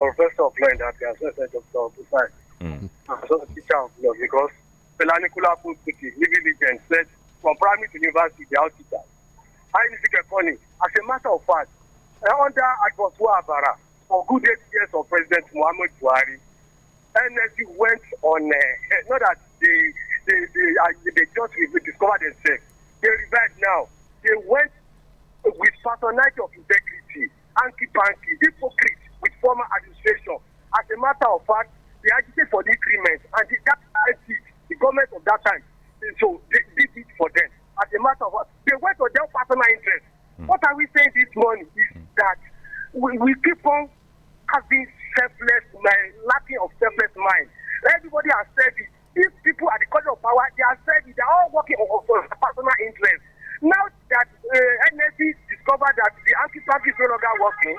professor fila in na professor Dr. Mm. Ah, so teacher of law because Pelani Kulapu Kuti, living legend, said from primary to university, they are teachers. I need to get funny. As a matter of fact, eh, under Advocate Abara, for good eight years of President Muhammad Buhari, energy went on, uh, not that they, they, they, uh, they just discovered themselves. They revived now. They went with personality of integrity, anti-banking, hypocrite, with former administration. As a matter of fact, they agitated for the increment, and the, that IT, the government of that time, so they did it for them. As a matter of fact, they went for their personal interest. Mm. What are we saying this morning is mm. that we, we keep on having selfless mind, lacking of selfless mind. Everybody has said it. These people are the cause of power, they are said it. They are all working on, on personal interest. Now that uh, NSC discovered that the anti-tank is no longer working,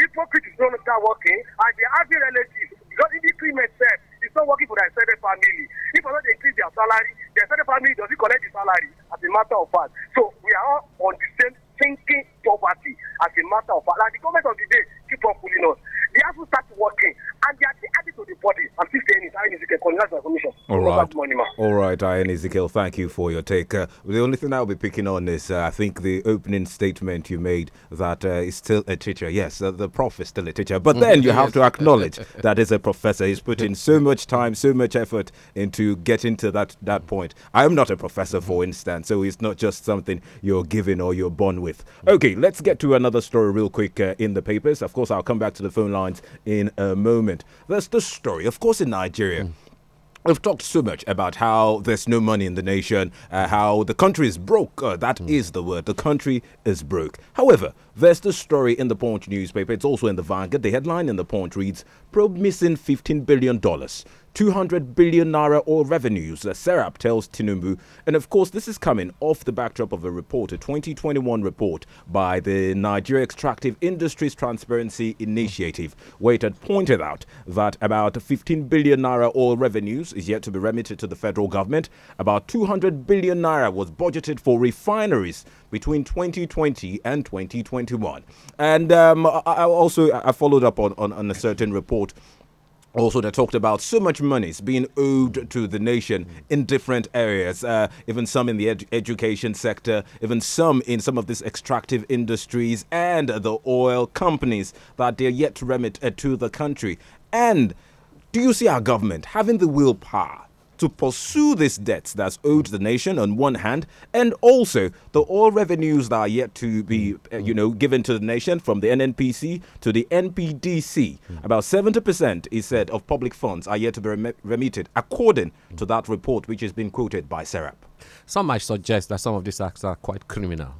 Hypocrite is not start working, and they have relatives because if the claim itself is not working for their extended family, if not increase their salary, their extended family doesn't collect the salary. As a matter of fact, so we are all on the same thinking poverty as a matter of fact. Like the government of the day keep on pulling us. They have to start working and they are added to the body. I'm still saying it. Ian Ezekiel, congratulations on the commission. All right. All right, Ian Ezekiel, thank you for your take. Uh, the only thing I'll be picking on is uh, I think the opening statement you made that uh, still a teacher. Yes, uh, the prof is still a teacher. But then you have to acknowledge that a professor, he's put in so much time, so much effort into getting to that, that point. I am not a professor, for instance, so it's not just something you're given or you're born with. Okay, let's get to another story real quick uh, in the papers. Of course, I'll come back to the phone lines in a moment. That's the story, of course, in Nigeria. Mm. We've talked so much about how there's no money in the nation, uh, how the country is broke. Uh, that mm. is the word. The country is broke. However, there's the story in the Punch newspaper. It's also in the Vanguard. The headline in the Punch reads Probe missing $15 billion. 200 billion naira oil revenues, Serap tells Tinubu. And of course, this is coming off the backdrop of a report, a 2021 report by the Nigeria Extractive Industries Transparency Initiative, where it had pointed out that about 15 billion naira oil revenues is yet to be remitted to the federal government. About 200 billion naira was budgeted for refineries between 2020 and 2021. And um, I, I also I followed up on, on, on a certain report also they talked about so much money is being owed to the nation in different areas uh, even some in the ed education sector even some in some of these extractive industries and the oil companies that they're yet to remit uh, to the country and do you see our government having the willpower to pursue this debt that's owed the nation on one hand, and also the oil revenues that are yet to be, mm. uh, you know, given to the nation from the NNPC to the NPDC. Mm. About 70%, is said, of public funds are yet to be rem remitted, according mm. to that report which has been quoted by Serap. Some might suggest that some of these acts are quite criminal.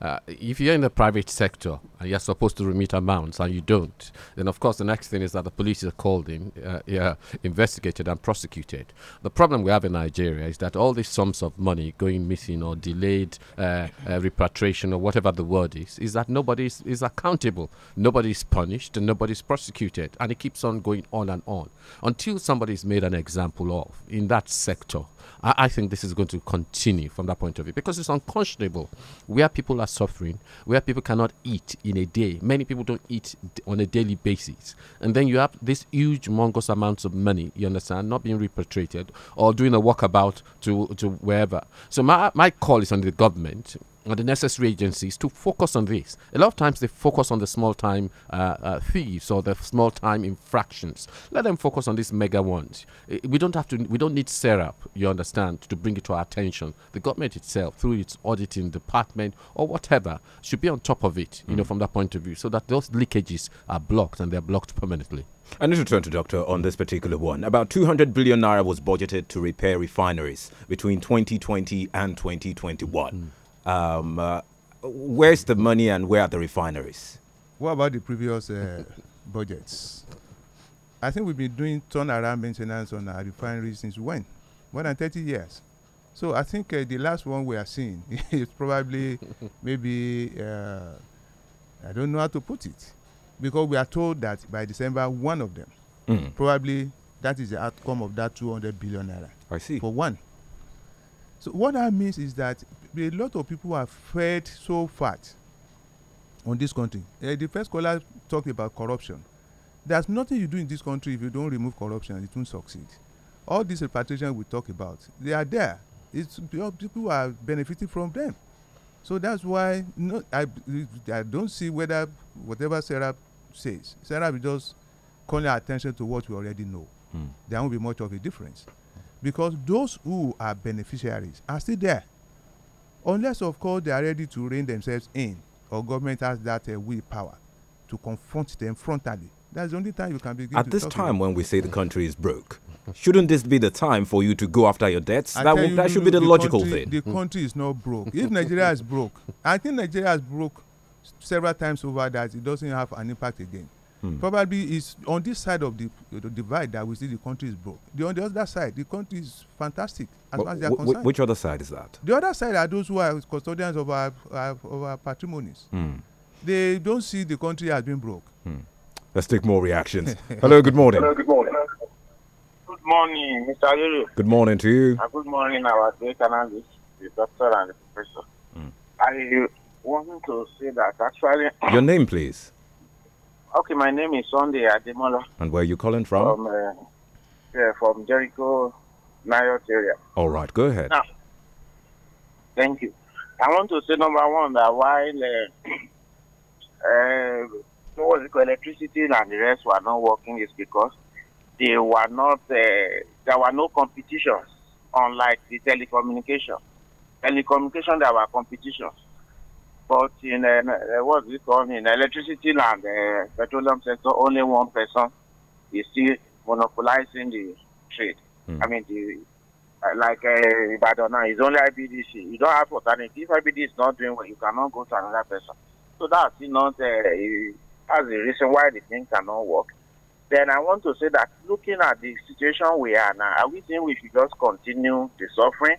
Uh, if you're in the private sector, and you're supposed to remit amounts and you don't, then of course the next thing is that the police are called in, uh, yeah, investigated and prosecuted. The problem we have in Nigeria is that all these sums of money going missing or delayed uh, uh, repatriation or whatever the word is, is that nobody is, accountable, nobody is punished, and nobody is prosecuted, and it keeps on going on and on until somebody is made an example of in that sector. I think this is going to continue from that point of view because it's unconscionable where people are suffering, where people cannot eat in a day. Many people don't eat on a daily basis. And then you have this huge, monstrous amounts of money, you understand, not being repatriated or doing a walkabout to, to wherever. So my, my call is on the government the necessary agencies to focus on this. A lot of times they focus on the small time uh, uh, thieves or the small time infractions. Let them focus on these mega ones. We don't have to. We don't need SERAP, you understand, to bring it to our attention. The government itself, through its auditing department or whatever, should be on top of it. You mm. know, from that point of view, so that those leakages are blocked and they're blocked permanently. I need to turn to Doctor on this particular one. About 200 billion naira was budgeted to repair refineries between 2020 and 2021. Mm. Um, uh, where's the money and where are the refineries? What about the previous uh, budgets? I think we've been doing turnaround maintenance on our refineries since when? More than 30 years. So I think uh, the last one we are seeing is probably maybe, uh, I don't know how to put it, because we are told that by December, one of them, mm. probably that is the outcome of that 200 billion naira. I see. For one. So what that means is that a lot of people are fed so fat on this country. Uh, the first caller talked about corruption. There's nothing you do in this country if you don't remove corruption, it won't succeed. All these repatriation we talk about, they are there. It's people who are benefiting from them. So that's why no, I, I don't see whether whatever Sarah says, Sarah will just calling our attention to what we already know. Mm. There won't be much of a difference. Because those who are beneficiaries are still there. Unless, of course, they are ready to rein themselves in, or government has that uh, willpower to confront them frontally. That's the only time you can begin. At this time, when we say the country is broke, shouldn't this be the time for you to go after your debts? I that, will, you, that should be the, the logical country, thing. The country is not broke. If Nigeria is broke, I think Nigeria is broke several times over that it doesn't have an impact again. Hmm. Probably it's on this side of the, the, divide that we see the country is broke. The, on the other side, the country is fantastic as far as they are concerned. Which other side is that? The other side are those who are custodians of our, of our patrimonies. Hmm. They don't see the country as being broke. Hmm. Let's take more reactions. Hello, good morning. Hello, good morning. Good morning, Mr. Ayuru. Good morning to you. Uh, good morning, our great analyst, the doctor and the professor. I want to say that actually. Your name, please. Okay, my name is Sunday Ademola. And where are you calling from? From, uh, yeah, from Jericho, Nayot area. All right, go ahead. Now, thank you. I want to say, number one, that while uh, what um, is electricity and the rest were not working is because they were not, uh, there were no competitions, unlike the telecommunication. Telecommunication, there were competitions in uh, uh, what we call in electricity land, uh, petroleum sector, only one person is still monopolizing the trade. Mm. I mean, the, uh, like uh, Ibadan now, it's only IBDC. You don't have alternative. If IBD is not doing well, you cannot go to another person. So that's not uh, that's the reason why the thing cannot work. Then I want to say that looking at the situation we are now, are we think we should just continue the suffering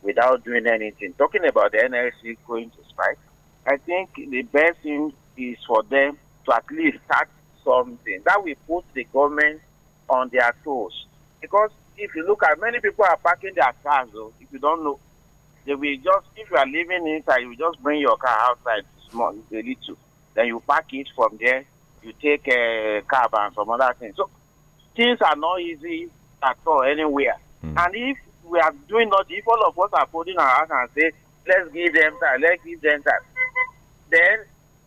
without doing anything? Talking about the NLC going to spike. I think the best thing is for them to at least start something that will put the government on their toes. Because if you look at many people are parking their cars, though, if you don't know, they will just, if you are living inside, you just bring your car outside small, a little. Then you park it from there, you take a car and some other things. So things are not easy at all anywhere. Mm. And if we are doing not, if all of us are putting our hands and say, Let's give them time. Let's give them time. Then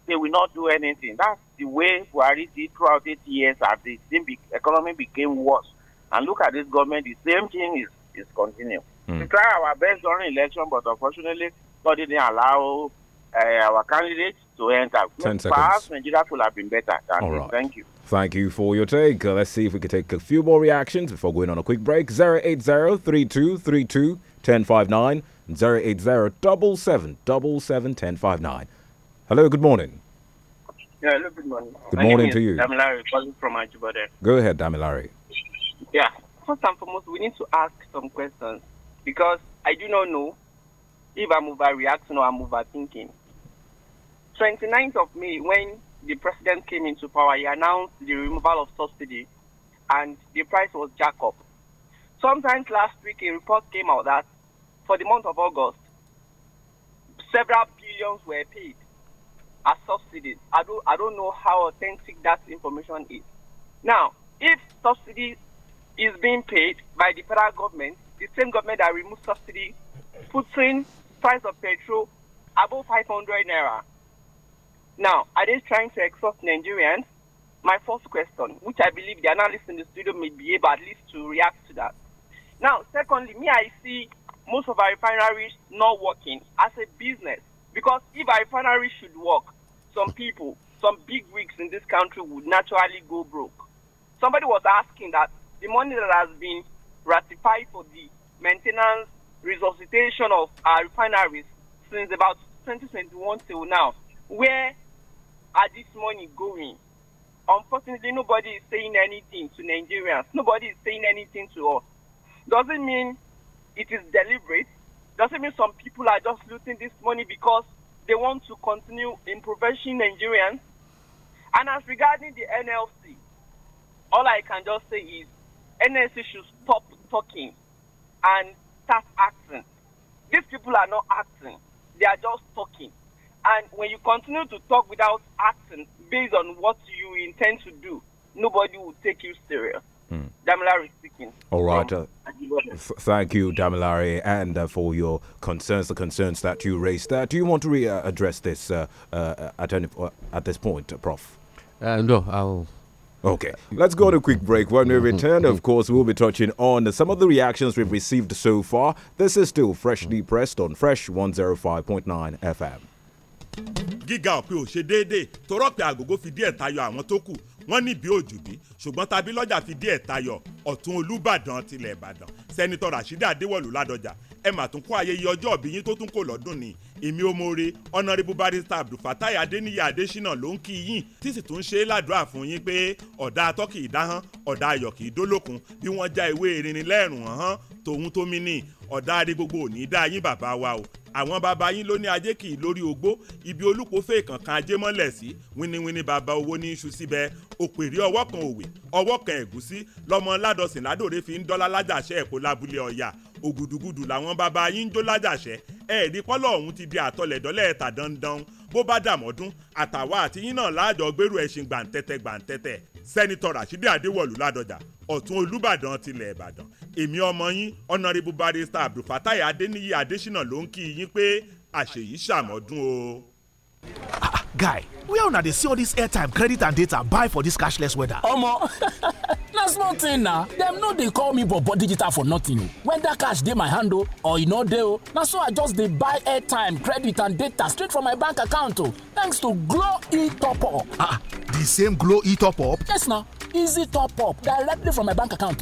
they will not do anything. That's the way Buhari did throughout eight years as the be- economy became worse. And look at this government, the same thing is, is continuing. Mm. We tried our best during election, but unfortunately, God didn't allow uh, our candidates to enter. Ten seconds. Perhaps Nigeria could have been better. All right. Thank you. Thank you for your take. Uh, let's see if we could take a few more reactions before going on a quick break. 080 3232 1059. Zero eight zero double seven double seven ten five nine. Hello, good morning. Yeah, hello, good morning. Good My morning to you. Damilari calling from Ajibode. Go ahead, Damilari. Yeah, first and foremost, we need to ask some questions because I do not know if I'm overreacting or I'm overthinking. 29th of May, when the president came into power, he announced the removal of subsidy and the price was jack up. Sometimes last week, a report came out that for the month of August, several billions were paid as subsidies. I don't, I don't know how authentic that information is. Now, if subsidy is being paid by the federal government, the same government that removed subsidy puts in price of petrol above 500 naira. Now, are they trying to exhaust Nigerians? My first question, which I believe the analysts in the studio may be able at least to react to that. Now, secondly, me, I see most of our refineries not working as a business. Because if our refinery should work, some people, some big rigs in this country would naturally go broke. Somebody was asking that the money that has been ratified for the maintenance, resuscitation of our refineries since about 2021 till now, where are this money going? Unfortunately, nobody is saying anything to Nigerians. Nobody is saying anything to us. Doesn't mean it is deliberate. Doesn't mean some people are just looting this money because they want to continue impoverishing Nigerians. And as regarding the NLC, all I can just say is NLC should stop talking and start acting. These people are not acting, they are just talking. And when you continue to talk without acting based on what you intend to do, nobody will take you serious. Mm. Damilari speaking. All right. Um, thank you, Damilari, and uh, for your concerns, the concerns that you raised. Uh, do you want to re- address this uh, uh, at, any, uh, at this point, Prof? no, I'll. Okay, let's go on a quick break. When we mm-hmm. return, of mm-hmm. course, we'll be touching on some of the reactions we've received so far. This is still freshly mm-hmm. pressed on Fresh 105.9 FM. gíga ṣe déédéé torọ́pẹ̀ àgògó fi díẹ̀ tayọ àwọn tó kù wọ́n níbi òjùbí ṣùgbọ́n tàbí lọ́jà fi díẹ̀ tayọ ọ̀tún olùbàdàn tilẹ̀ ìbàdàn sẹ́nitọ́ rasheed adéwọ̀lú ládọjà ẹ mà tún kó ayẹyẹ ọjọ́ òbí yín tó tún kò lọ́dún ni èmi ọmọọre honourable barrister abdulfatai adéníyí adésínà ló ń kí yín tí sì tún ṣe é ládùúrà fún yín pé ọ̀dà atọ́kì ìdáhán ọ̀dà ayọ̀ kì bí wọ́n já ewé erinrin lẹ́rùn hàn tòun tómi ní ọ̀dáàrí gbogbo ò ní dá yín bàbá wa o àwọn bàbá yín ló ní ajé kì í lórí ogbó ibi olúkó fẹ́ kankan ajé mọ́lẹ̀ sí wíníwíní bàbá owó ní iṣu síbẹ̀ òpèrè ọwọ́ kan òwe ọwọ́ kan ẹ̀gúsí lọ́mọ ládọ̀sìn ládòrè fi ń dọ́lá lájàṣẹ́ ẹ̀kọ́ lábúlé ọ̀yà ògùdùgùdù làwọn bàbá yín ń jó lájàṣẹ́ ẹ̀ẹ́dí kọ́lọ̀ ọ̀hún ti di àtọlẹ̀dọ́lẹ̀ ẹ̀ta dandan bó bá dàmọ́dún àtàwa àti yín náà láàjọ gbèrú ẹ̀sìn gbàǹtẹ̀tẹ̀ gbàǹtẹ̀tẹ̀ sẹ́nitọ́ Rashidi Adéwọ̀lú Ládọjà ọ̀tún olùbàdàn tilẹ̀ ìbàdàn èmi ọmọ yín honourable barrister abdulfatai adeniyi adesina ló ń kí yín pé àṣeyí ṣàmọ́dún o. Ah, ah, guy where una dey see all dis airtime credit and data buy for this cashless weather. omo na small thing na dem no dey call me bobo digital for nothing o when that cash dey my hand o or e no dey o na so i just dey buy airtime credit and data straight from my bank account o thanks to glo e top up. ah the same glo e top up. yes na easy top up directly from my bank account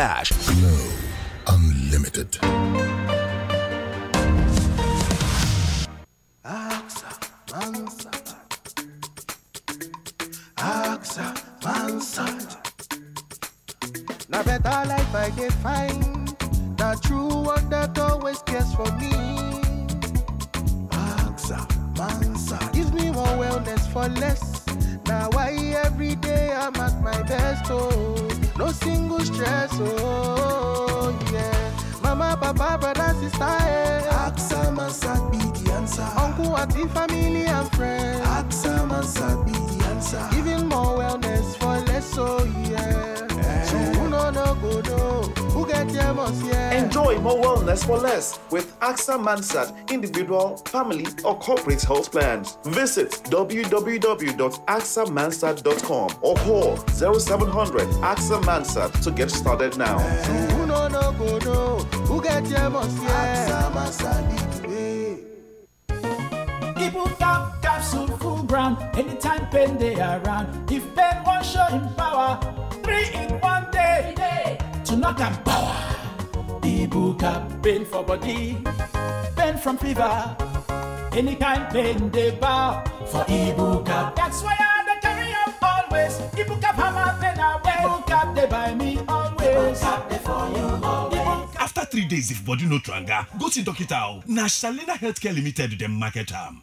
hash. Glow Unlimited. Aksa Mansard. Aksa Mansard. Now better life I can find. The true one that always cares for me. Aksa Mansard. Gives me more wellness for less why every day I'm at my best, oh. No single stress, oh, yeah. Mama, papa, brother, sister, yeah. Aksam and Sad be the answer. Uncle, auntie, family, and friends. Aksam and Sad be the answer. Giving more wellness for less, oh, yeah. Eh. So, no, no, go, no. Enjoy more wellness for less with AXA Mansat individual, family, or corporate health plans. Visit www.axamansat.com or call 0700 AXA Mansat to get started now. People full ground anytime they around. If won't show power, three in one day. to knock am power. Ibuka pain for body, pain from fever, any kind pain dey bow for Ibuka. That's why I dey carry am always. Ibuka hammer pain away. Ibuka dey by me always. After three days if body no tranga, go see doctor o. Healthcare Limited dem market am.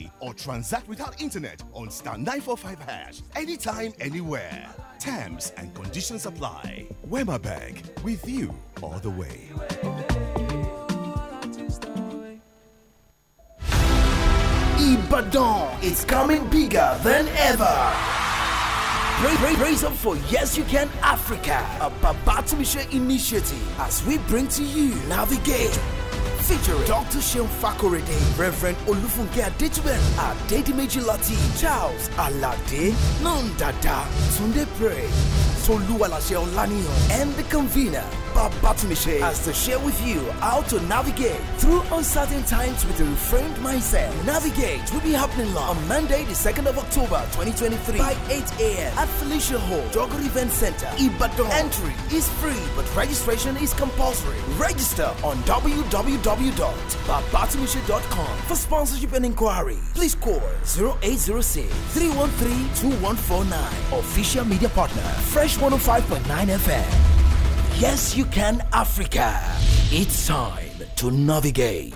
pay or transact without internet on star 945 hash anytime, anywhere. Terms and conditions apply. Wema Bank with you all the way. Ibadan is coming bigger than ever. Raise praise, up for Yes You Can Africa, a Babatimisha initiative as we bring to you Navigate featuring Dr. Seun Fakorede, Reverend Olufunke Adetuben, Adedimeji Lateef, Charles Alade, Nandada, Tunde Pray, Toluwalase Olaniyan, and the convener. Bob Batumiche has to share with you how to navigate through uncertain times with a reframed mindset. Navigate will be happening live on Monday, the 2nd of October 2023 by 8 a.m. at Felicia Hall, Jogger Event Center, Ibadan. Entry is free, but registration is compulsory. Register on www.babatumiche.com for sponsorship and inquiry. Please call 0806 313 2149. Official media partner, Fresh 105.9 FM. Yes, you can, Africa. It's time to navigate.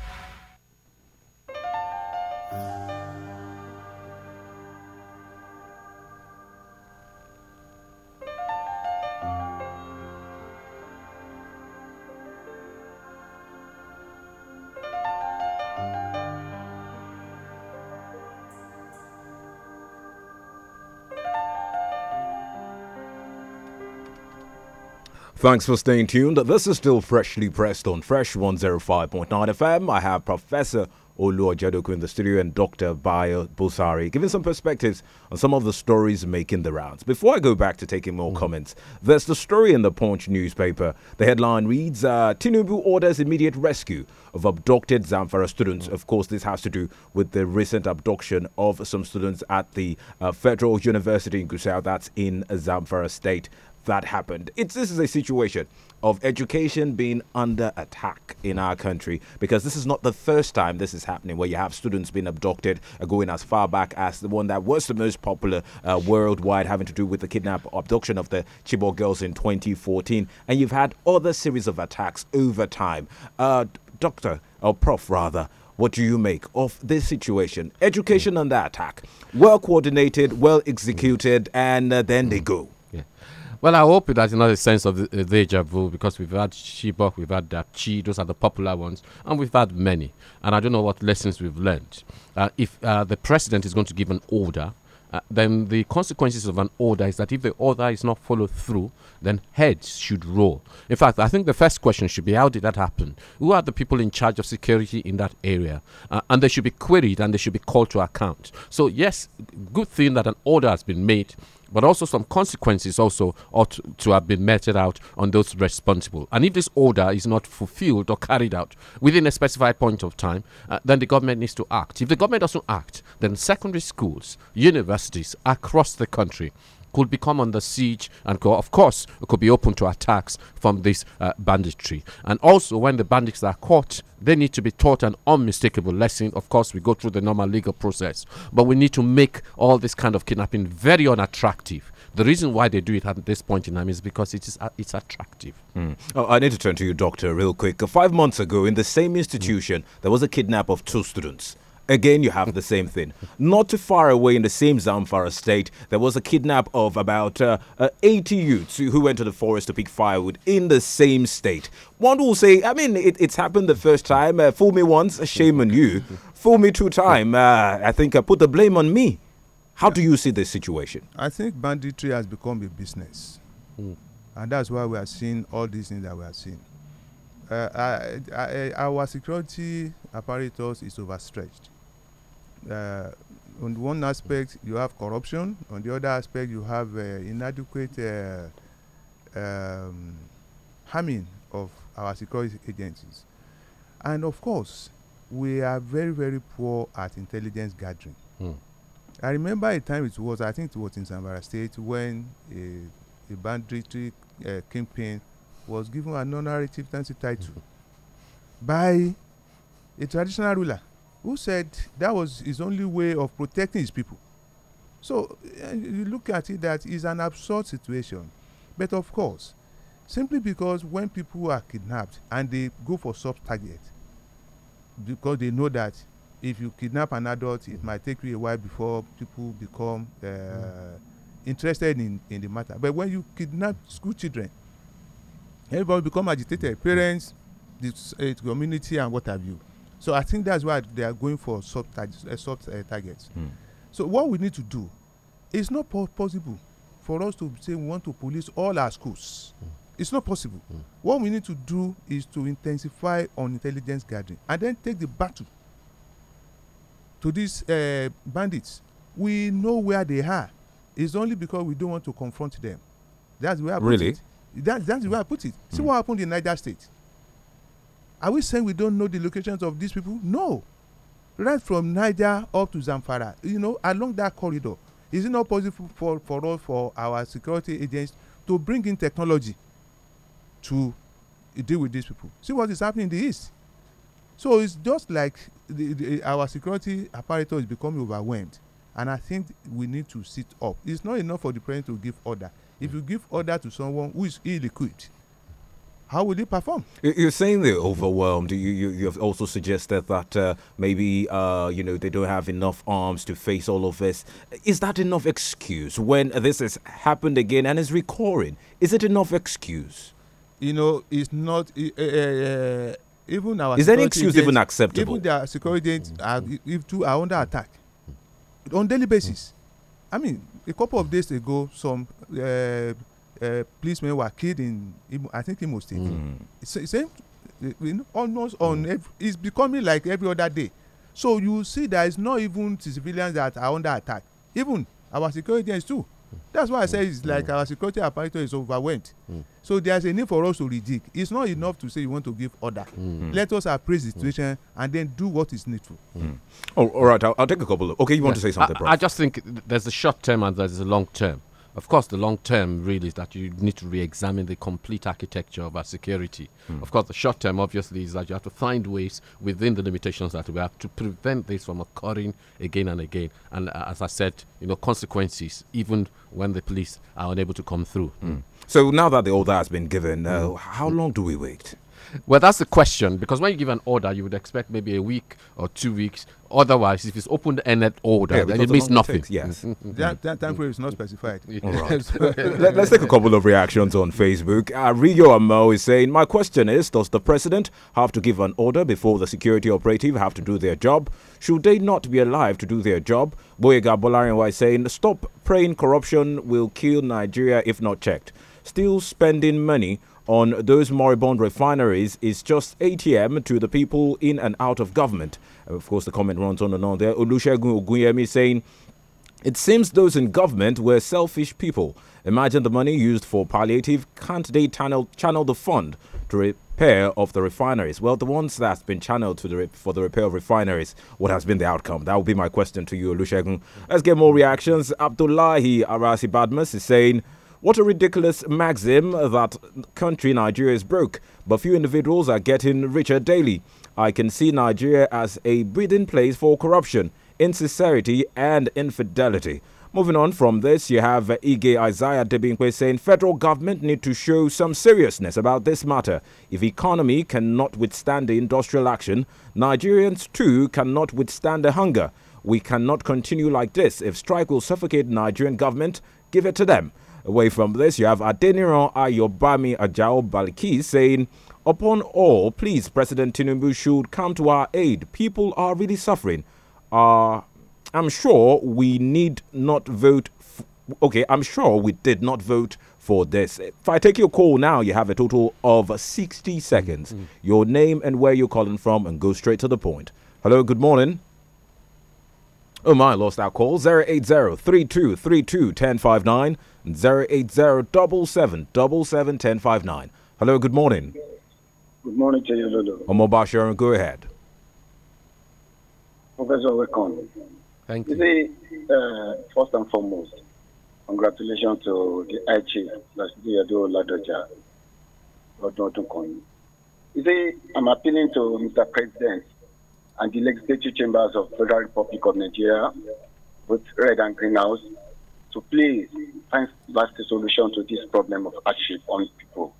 Thanks for staying tuned. This is still freshly pressed on Fresh 105.9 FM. I have Professor Olu Ojedoku in the studio and Dr. Bayo Busari, giving some perspectives on some of the stories making the rounds. Before I go back to taking more mm. comments, there's the story in the Punch newspaper. The headline reads uh, Tinubu orders immediate rescue of abducted Zamfara students. Mm. Of course, this has to do with the recent abduction of some students at the uh, Federal University in Gusau, that's in Zamfara State that happened. It's this is a situation of education being under attack in our country because this is not the first time this is happening where you have students being abducted uh, going as far back as the one that was the most popular uh, worldwide having to do with the kidnap abduction of the Chibok girls in 2014 and you've had other series of attacks over time. Uh, doctor or prof rather what do you make of this situation? Education mm. under attack, well coordinated, well executed, and uh, then they go. Well, I hope that's not a sense of the, uh, deja vu because we've had Shibok, we've had Dapchi, those are the popular ones, and we've had many. And I don't know what lessons we've learned. Uh, if uh, the president is going to give an order, uh, then the consequences of an order is that if the order is not followed through, then heads should roll. In fact, I think the first question should be how did that happen? Who are the people in charge of security in that area? Uh, and they should be queried and they should be called to account. So, yes, good thing that an order has been made but also some consequences also ought to have been meted out on those responsible. And if this order is not fulfilled or carried out within a specified point of time, uh, then the government needs to act. If the government doesn't act, then secondary schools, universities across the country could become under siege and, of course, could be open to attacks from this uh, banditry. And also, when the bandits are caught, they need to be taught an unmistakable lesson. Of course, we go through the normal legal process, but we need to make all this kind of kidnapping very unattractive. The reason why they do it at this point in time is because it is uh, it's attractive. Mm. Oh, I need to turn to you, doctor, real quick. five months ago, in the same institution, mm. there was a kidnap of two students. Again, you have the same thing. Not too far away in the same Zamfara state, there was a kidnap of about uh, uh, 80 youths who went to the forest to pick firewood in the same state. One will say, I mean, it, it's happened the first time. Uh, fool me once, shame on you. Fool me two time, uh, I think I uh, put the blame on me. How do you see this situation? I think banditry has become a business. Mm. And that's why we are seeing all these things that we are seeing. Uh, I, I, our security apparatus is overstretched uh, on one aspect you have corruption, on the other aspect you have uh, inadequate uh, um, harming of our security agencies. And of course, we are very, very poor at intelligence gathering. Mm. I remember a time it was, I think it was in Zamfara State, when a, a banditry uh, campaign was given an honorary chieftaincy title by a traditional ruler who said that was his only way of protecting his people. So eh, you look at it that is an absurd situation. But of course, simply because when people are kidnapped and they go for soft target, because they know that if you kidnap an adult, it might take you a while before people become uh, mm. interested in, in the matter. But when you kidnap school children, everybody become agitated, parents, the uh, community, and what have you. So I think that's why they are going for soft, uh, soft uh, targets. Mm. So what we need to do, it's not po possible for us to say we want to police all our schools. Mm. It's not possible. Mm. What we need to do is to intensify on intelligence gathering and then take the battle to these uh, bandits. We know where they are. It's only because we don't want to confront them. That's where I really? put it. That, that's where I put it. See hmm. what happened in Niger State Are we saying we don't know the locations of these people? No. Right from Niger up to Zamfara, you know, along that corridor, is it not possible for, for us, for our security agents, to bring in technology to deal with these people? See what is happening in the East. So it's just like the, the, our security apparatus is becoming overwhelmed. And I think we need to sit up. It's not enough for the president to give order. If mm. you give order to someone who is ill-equipped. how will you perform? You're saying they're overwhelmed. You you, you also suggested that uh, maybe uh, you know they don't have enough arms to face all of this. Is that enough excuse when this has happened again and is recurring? Is it enough excuse? You know, it's not. Uh, even our is any excuse agents, even acceptable? Even their security agents are, if two are under attack on daily basis. I mean, a couple of days ago, some uh, policemen were killed in Imo, I think Imo State. Mm. Same, same uh, almost mm. on hmm. every, it's becoming like every other day. So you see, there is not even civilians that are under attack. Even our security is too. That's why I say it's like hmm. our security apparatus is overwhelmed. Mm. So there's a need for us to rejig. It's not enough to say you want to give order. Mm. Let us appraise the situation and then do what is needful. Mm. Oh, all right, I'll, I'll take a couple. Of, okay, you want to say something, I, I, just think there's a short term and there's a long term. Of course, the long term really is that you need to re examine the complete architecture of our security. Mm. Of course, the short term obviously is that you have to find ways within the limitations that we have to prevent this from occurring again and again. And uh, as I said, you know, consequences, even when the police are unable to come through. Mm. So now that the order has been given, uh, mm. how long do we wait? Well, that's the question because when you give an order, you would expect maybe a week or two weeks. Otherwise, if it's open-ended order, yeah, then it means nothing. yes, that, that time frame is not specified. Right. Let, us take a couple of reactions on Facebook. Uh, Rio Amo is saying, "My question is: Does the president have to give an order before the security operative have to do their job? Should they not be alive to do their job?" Boyega Bolarinwa is saying, "Stop praying corruption will kill Nigeria if not checked. Still spending money." on those moribund refineries is just ATM to the people in and out of government. Of course, the comment runs on and on there. Olusegun Ogunyemi saying, it seems those in government were selfish people. Imagine the money used for palliative. Can't they channel, channel the fund to repair of the refineries? Well, the ones that's been channeled to the for the repair of refineries, what has been the outcome? That would be my question to you, Olusegun. Let's get more reactions. Abdullahi Arasi Badmus is saying, what a ridiculous maxim that country Nigeria is broke, but few individuals are getting richer daily. I can see Nigeria as a breeding place for corruption, insincerity, and infidelity. Moving on from this, you have Ige Isaiah Debinkwe saying federal government need to show some seriousness about this matter. If economy cannot withstand the industrial action, Nigerians too cannot withstand the hunger. We cannot continue like this. If strike will suffocate Nigerian government, give it to them. Away from this, you have Adeniran Ayobami Ajao Baliki saying, Upon all, please, President Tinubu should come to our aid. People are really suffering. Uh, I'm sure we need not vote. okay, I'm sure we did not vote for this. If I take your call now, you have a total of 60 seconds. Mm -hmm. Your name and where you're calling from, and go straight to the point. Hello, good morning. Oh my, lost our call 080-3232-1059 080-777-1059. Hello, good morning. Good morning to you, Lulu. Omar Bashir, go ahead. Professor welcome. Thank you. you see, uh, first and foremost, congratulations to the IG, that's the Ado Ladoja, Rodon You see, I'm appealing to Mr. President and the legislative chambers of Federal Republic of Nigeria, with Red and Green House, to please find lasting solution to this problem of hardship on people.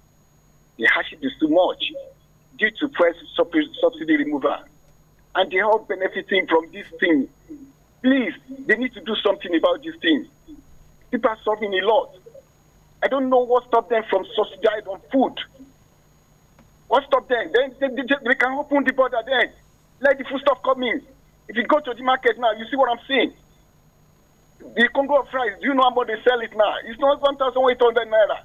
The hardship is too much due to price subsidy removal, and they are all benefiting from this thing. Please, they need to do something about this thing. People are suffering a lot. I don't know what stopped them from subsidizing on food. What stopped them? They, they, they, they can open the border then. Let the food stuff come in. If you go to the market now, you see what I'm saying. The Congo of rice, do you know how much they sell it now? It's not 1,800 naira.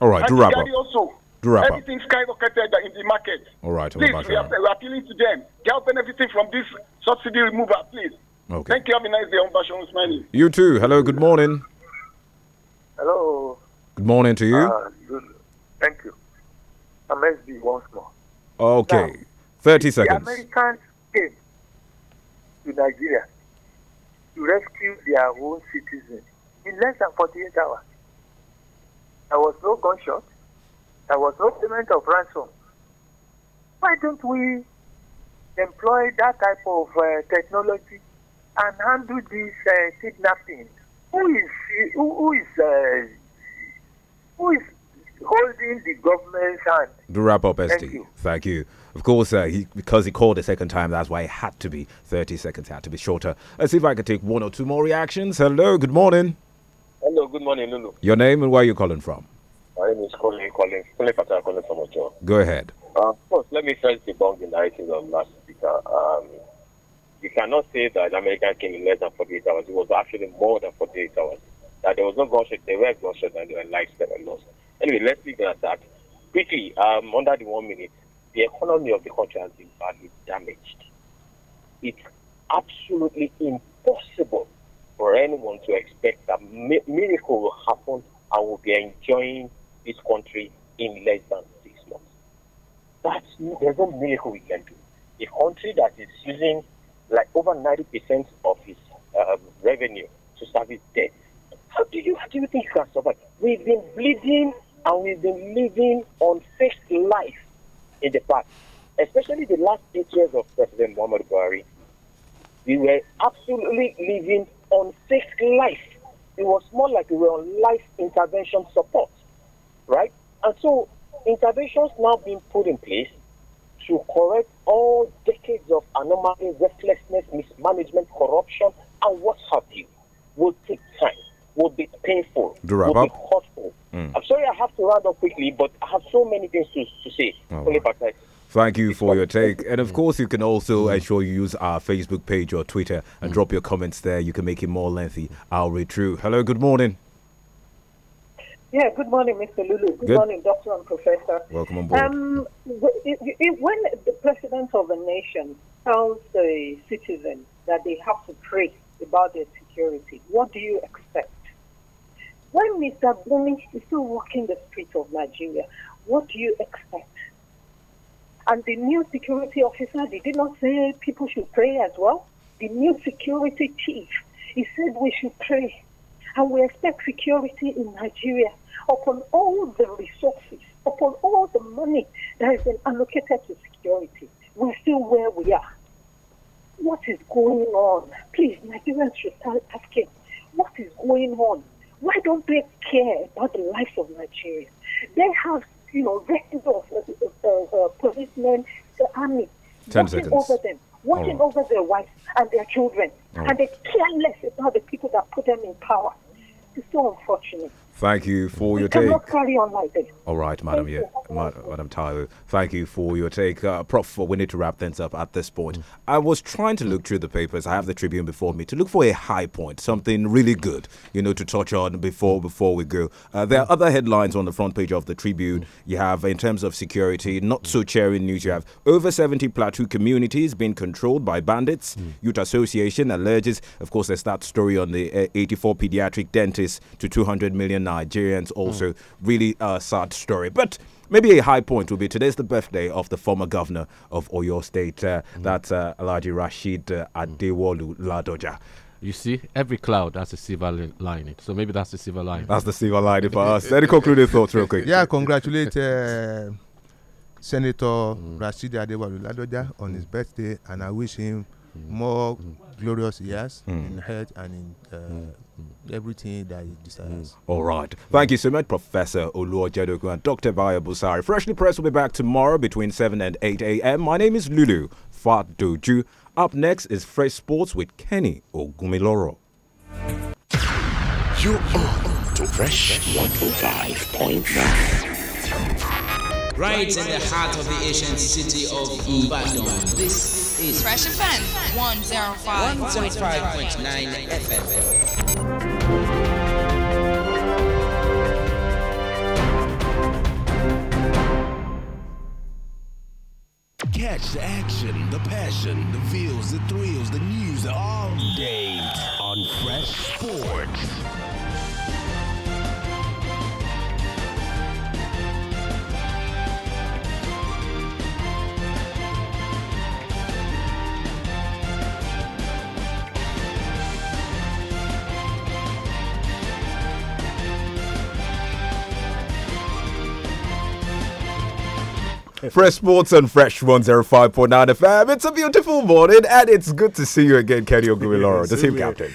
All right, do wrap Also, do wrap everything skyrocketed in the market. All right, please, we are, we are appealing to them. Help benefiting from this subsidy removal, please. Okay. Thank you. Have a nice day. Ombashon Usmani. You too. Hello. Good morning. Hello. Good morning to you. Uh, Thank you. I'm be once more. Okay. Now, 30 seconds. The Americans came to Nigeria to rescue their own citizens in less than 48 hours. There was no gunshot. There was no payment of ransom. Why don't we employ that type of uh, technology and handle this uh, kidnapping? Who is who, who is uh, who is holding the government's hand? Do wrap up, Esty. Thank you. Thank you. Of course, uh, he, because he called a second time, that's why it had to be 30 seconds, had to be shorter. Let's see if I can take one or two more reactions. Hello, good morning. Hello, good morning, Lulu. Your name and where are you calling from? My name is Colin, calling, Colin calling from Ojo. Go ahead. Uh, first, let me first debunk the narrative of last speaker. Um, you cannot say that America came in less than 48 hours. It was actually more than 48 hours. That there was no gunshot, there were gunshots and there were lives that were lost. Anyway, let's leave it that. Quickly, um, under the one minute, the economy of the country has been badly damaged. It's absolutely impossible for anyone to expect that mi- miracle will happen and we'll be enjoying this country in less than six months. That's there's no miracle we can do. A country that is using like over ninety percent of its um, revenue to service debt. How do you how do you think you can survive? We've been bleeding and we've been living on fixed life in the past, especially the last eight years of President Muhammad Buhari, we were absolutely living on fake life. It was more like we were on life intervention support, right? And so interventions now being put in place to correct all decades of anomaly, recklessness, mismanagement, corruption, and what have you will take time will be painful, Do will be hostile. Mm. I'm sorry I have to round up quickly, but I have so many things to, to say. Oh, Thank you for your take. And of mm. course, you can also mm. ensure you use our Facebook page or Twitter and mm. drop your comments there. You can make it more lengthy. I'll read through. Hello, good morning. Yeah, good morning, Mr. Lulu. Good, good. morning, Doctor and Professor. Welcome on board. Um, when the president of a nation tells the citizen that they have to pray about their security, what do you expect? When Mr. Bumi is still walking the streets of Nigeria, what do you expect? And the new security officer, they did not say people should pray as well. The new security chief, he said we should pray. And we expect security in Nigeria upon all the resources, upon all the money that has been allocated to security. We're still where we are. What is going on? Please, Nigerians should start asking, what is going on? Why don't they care about the lives of Nigerians? They have, you know, rescued of uh, uh, uh, policemen, the army, watching seconds. over them, watching oh. over their wives and their children, and oh. they care less about the people that put them in power. It's so unfortunate. Thank you for we your take. carry on like this. All right, Madam, yeah, Madam Tayo, thank you for your take. Uh, Prof, we need to wrap things up at this point. Mm. I was trying to look through the papers. I have the Tribune before me to look for a high point, something really good, you know, to touch on before before we go. Uh, there are mm. other headlines on the front page of the Tribune. Mm. You have, in terms of security, not so cheering news. You have over 70 plateau communities being controlled by bandits. Youth Association alleges, of course, there's that story on the uh, 84 pediatric dentists to 200 million Nigerians hmm. also. Mm. Really uh, sad story. But maybe a high point will be today's the birthday of the former governor of Oyo State, uh, mm. that's uh, Alaji Rashid uh, hmm. Adewolu Ladoja. You see, every cloud has a silver lining. So maybe that's the silver lining. That's the silver lining for us. Any concluding thoughts, real quick? Yeah, congratulate uh, Senator mm. Rashid Adewolu Ladoja on his hmm. birthday, and I wish him mm. more glorious He has mm. in mm. health and in uh, mm. mm. everything that He desires. Mm. All right. Thank you so much, Professor Oluojedoku and Dr. Baya Busari. Freshly Pressed will be back tomorrow between 7 and 8 a.m. My name is Lulu Fat Doju. Up next is Fresh Sports with Kenny Ogumiloro. You are to Fresh 105.9. Right in the heart of the ancient city of Ibadan. This is Fresh Offense 105.9 FM. Catch the action, the passion, the feels, the thrills, the news all day on Fresh Sports. Fresh Sports on Fresh 105.9 FM. It's a beautiful morning and it's good to see you again, Kenny Ogumiloro, the team captain.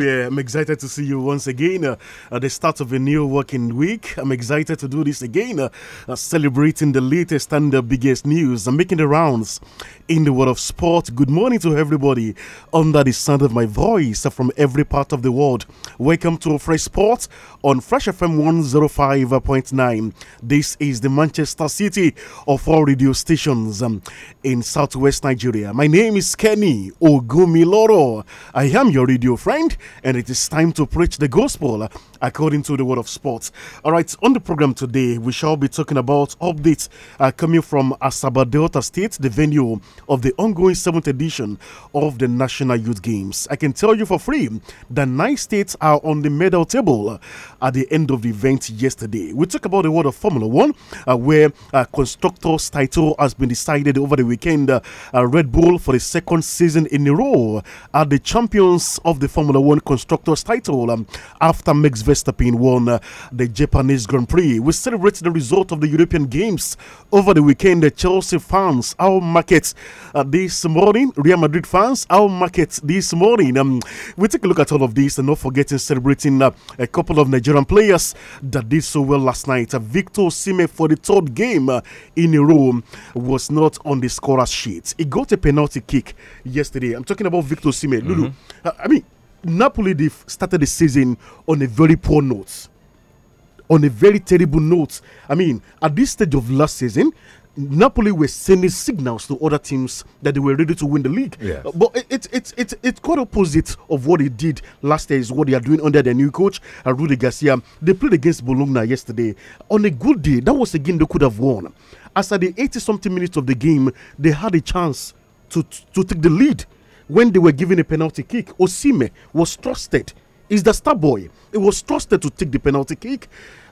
yeah. I'm excited to see you once again uh, at the start of a new working week. I'm excited to do this again, uh, uh, celebrating the latest and the biggest news and making the rounds in the world of sport. Good morning to everybody under the sound of my voice from every part of the world. Welcome to Fresh Sports on Fresh FM 105.9. This is the Manchester City of all all radio stations um, in southwest Nigeria. My name is Kenny Ogumiloro. I am your radio friend, and it is time to preach the gospel according to the word of sports. All right, on the program today, we shall be talking about updates uh, coming from Asaba Delta State, the venue of the ongoing seventh edition of the National Youth Games. I can tell you for free that nine states are on the medal table at the end of the event yesterday. We talk about the world of Formula One, uh, where uh, constructors' title has been decided over the weekend. Uh, uh, Red Bull, for the second season in a row, are the champions of the Formula One constructors' title um, after Max Verstappen won uh, the Japanese Grand Prix. We celebrate the result of the European Games over the weekend. The Chelsea fans, our market this morning, Real Madrid fans, our market this morning. Um, we take a look at all of this and not forgetting celebrating a couple of Nigerian Nigerian players that did so well last night. Victor Sime, for the third game uh, in a row, was not on the scorer sheet. He got a penalty kick yesterday. I'm talking about Victor Sime. Mm -hmm. Lulu, mm-hmm. uh, I mean, Napoli they started the season on a very poor note on a very terrible note. I mean, at this stage of last season, Napoli were sending signals to other teams that they were ready to win the league. Yes. Uh, but it's it's it's it, it, quite opposite of what they did last year. Is what they are doing under their new coach, uh, Rudy Garcia. They played against Bologna yesterday on a good day. That was a game they could have won. After the 80 something minutes of the game, they had a chance to to, to take the lead when they were given a penalty kick. Osime was trusted is the star boy. He was trusted to take the penalty kick.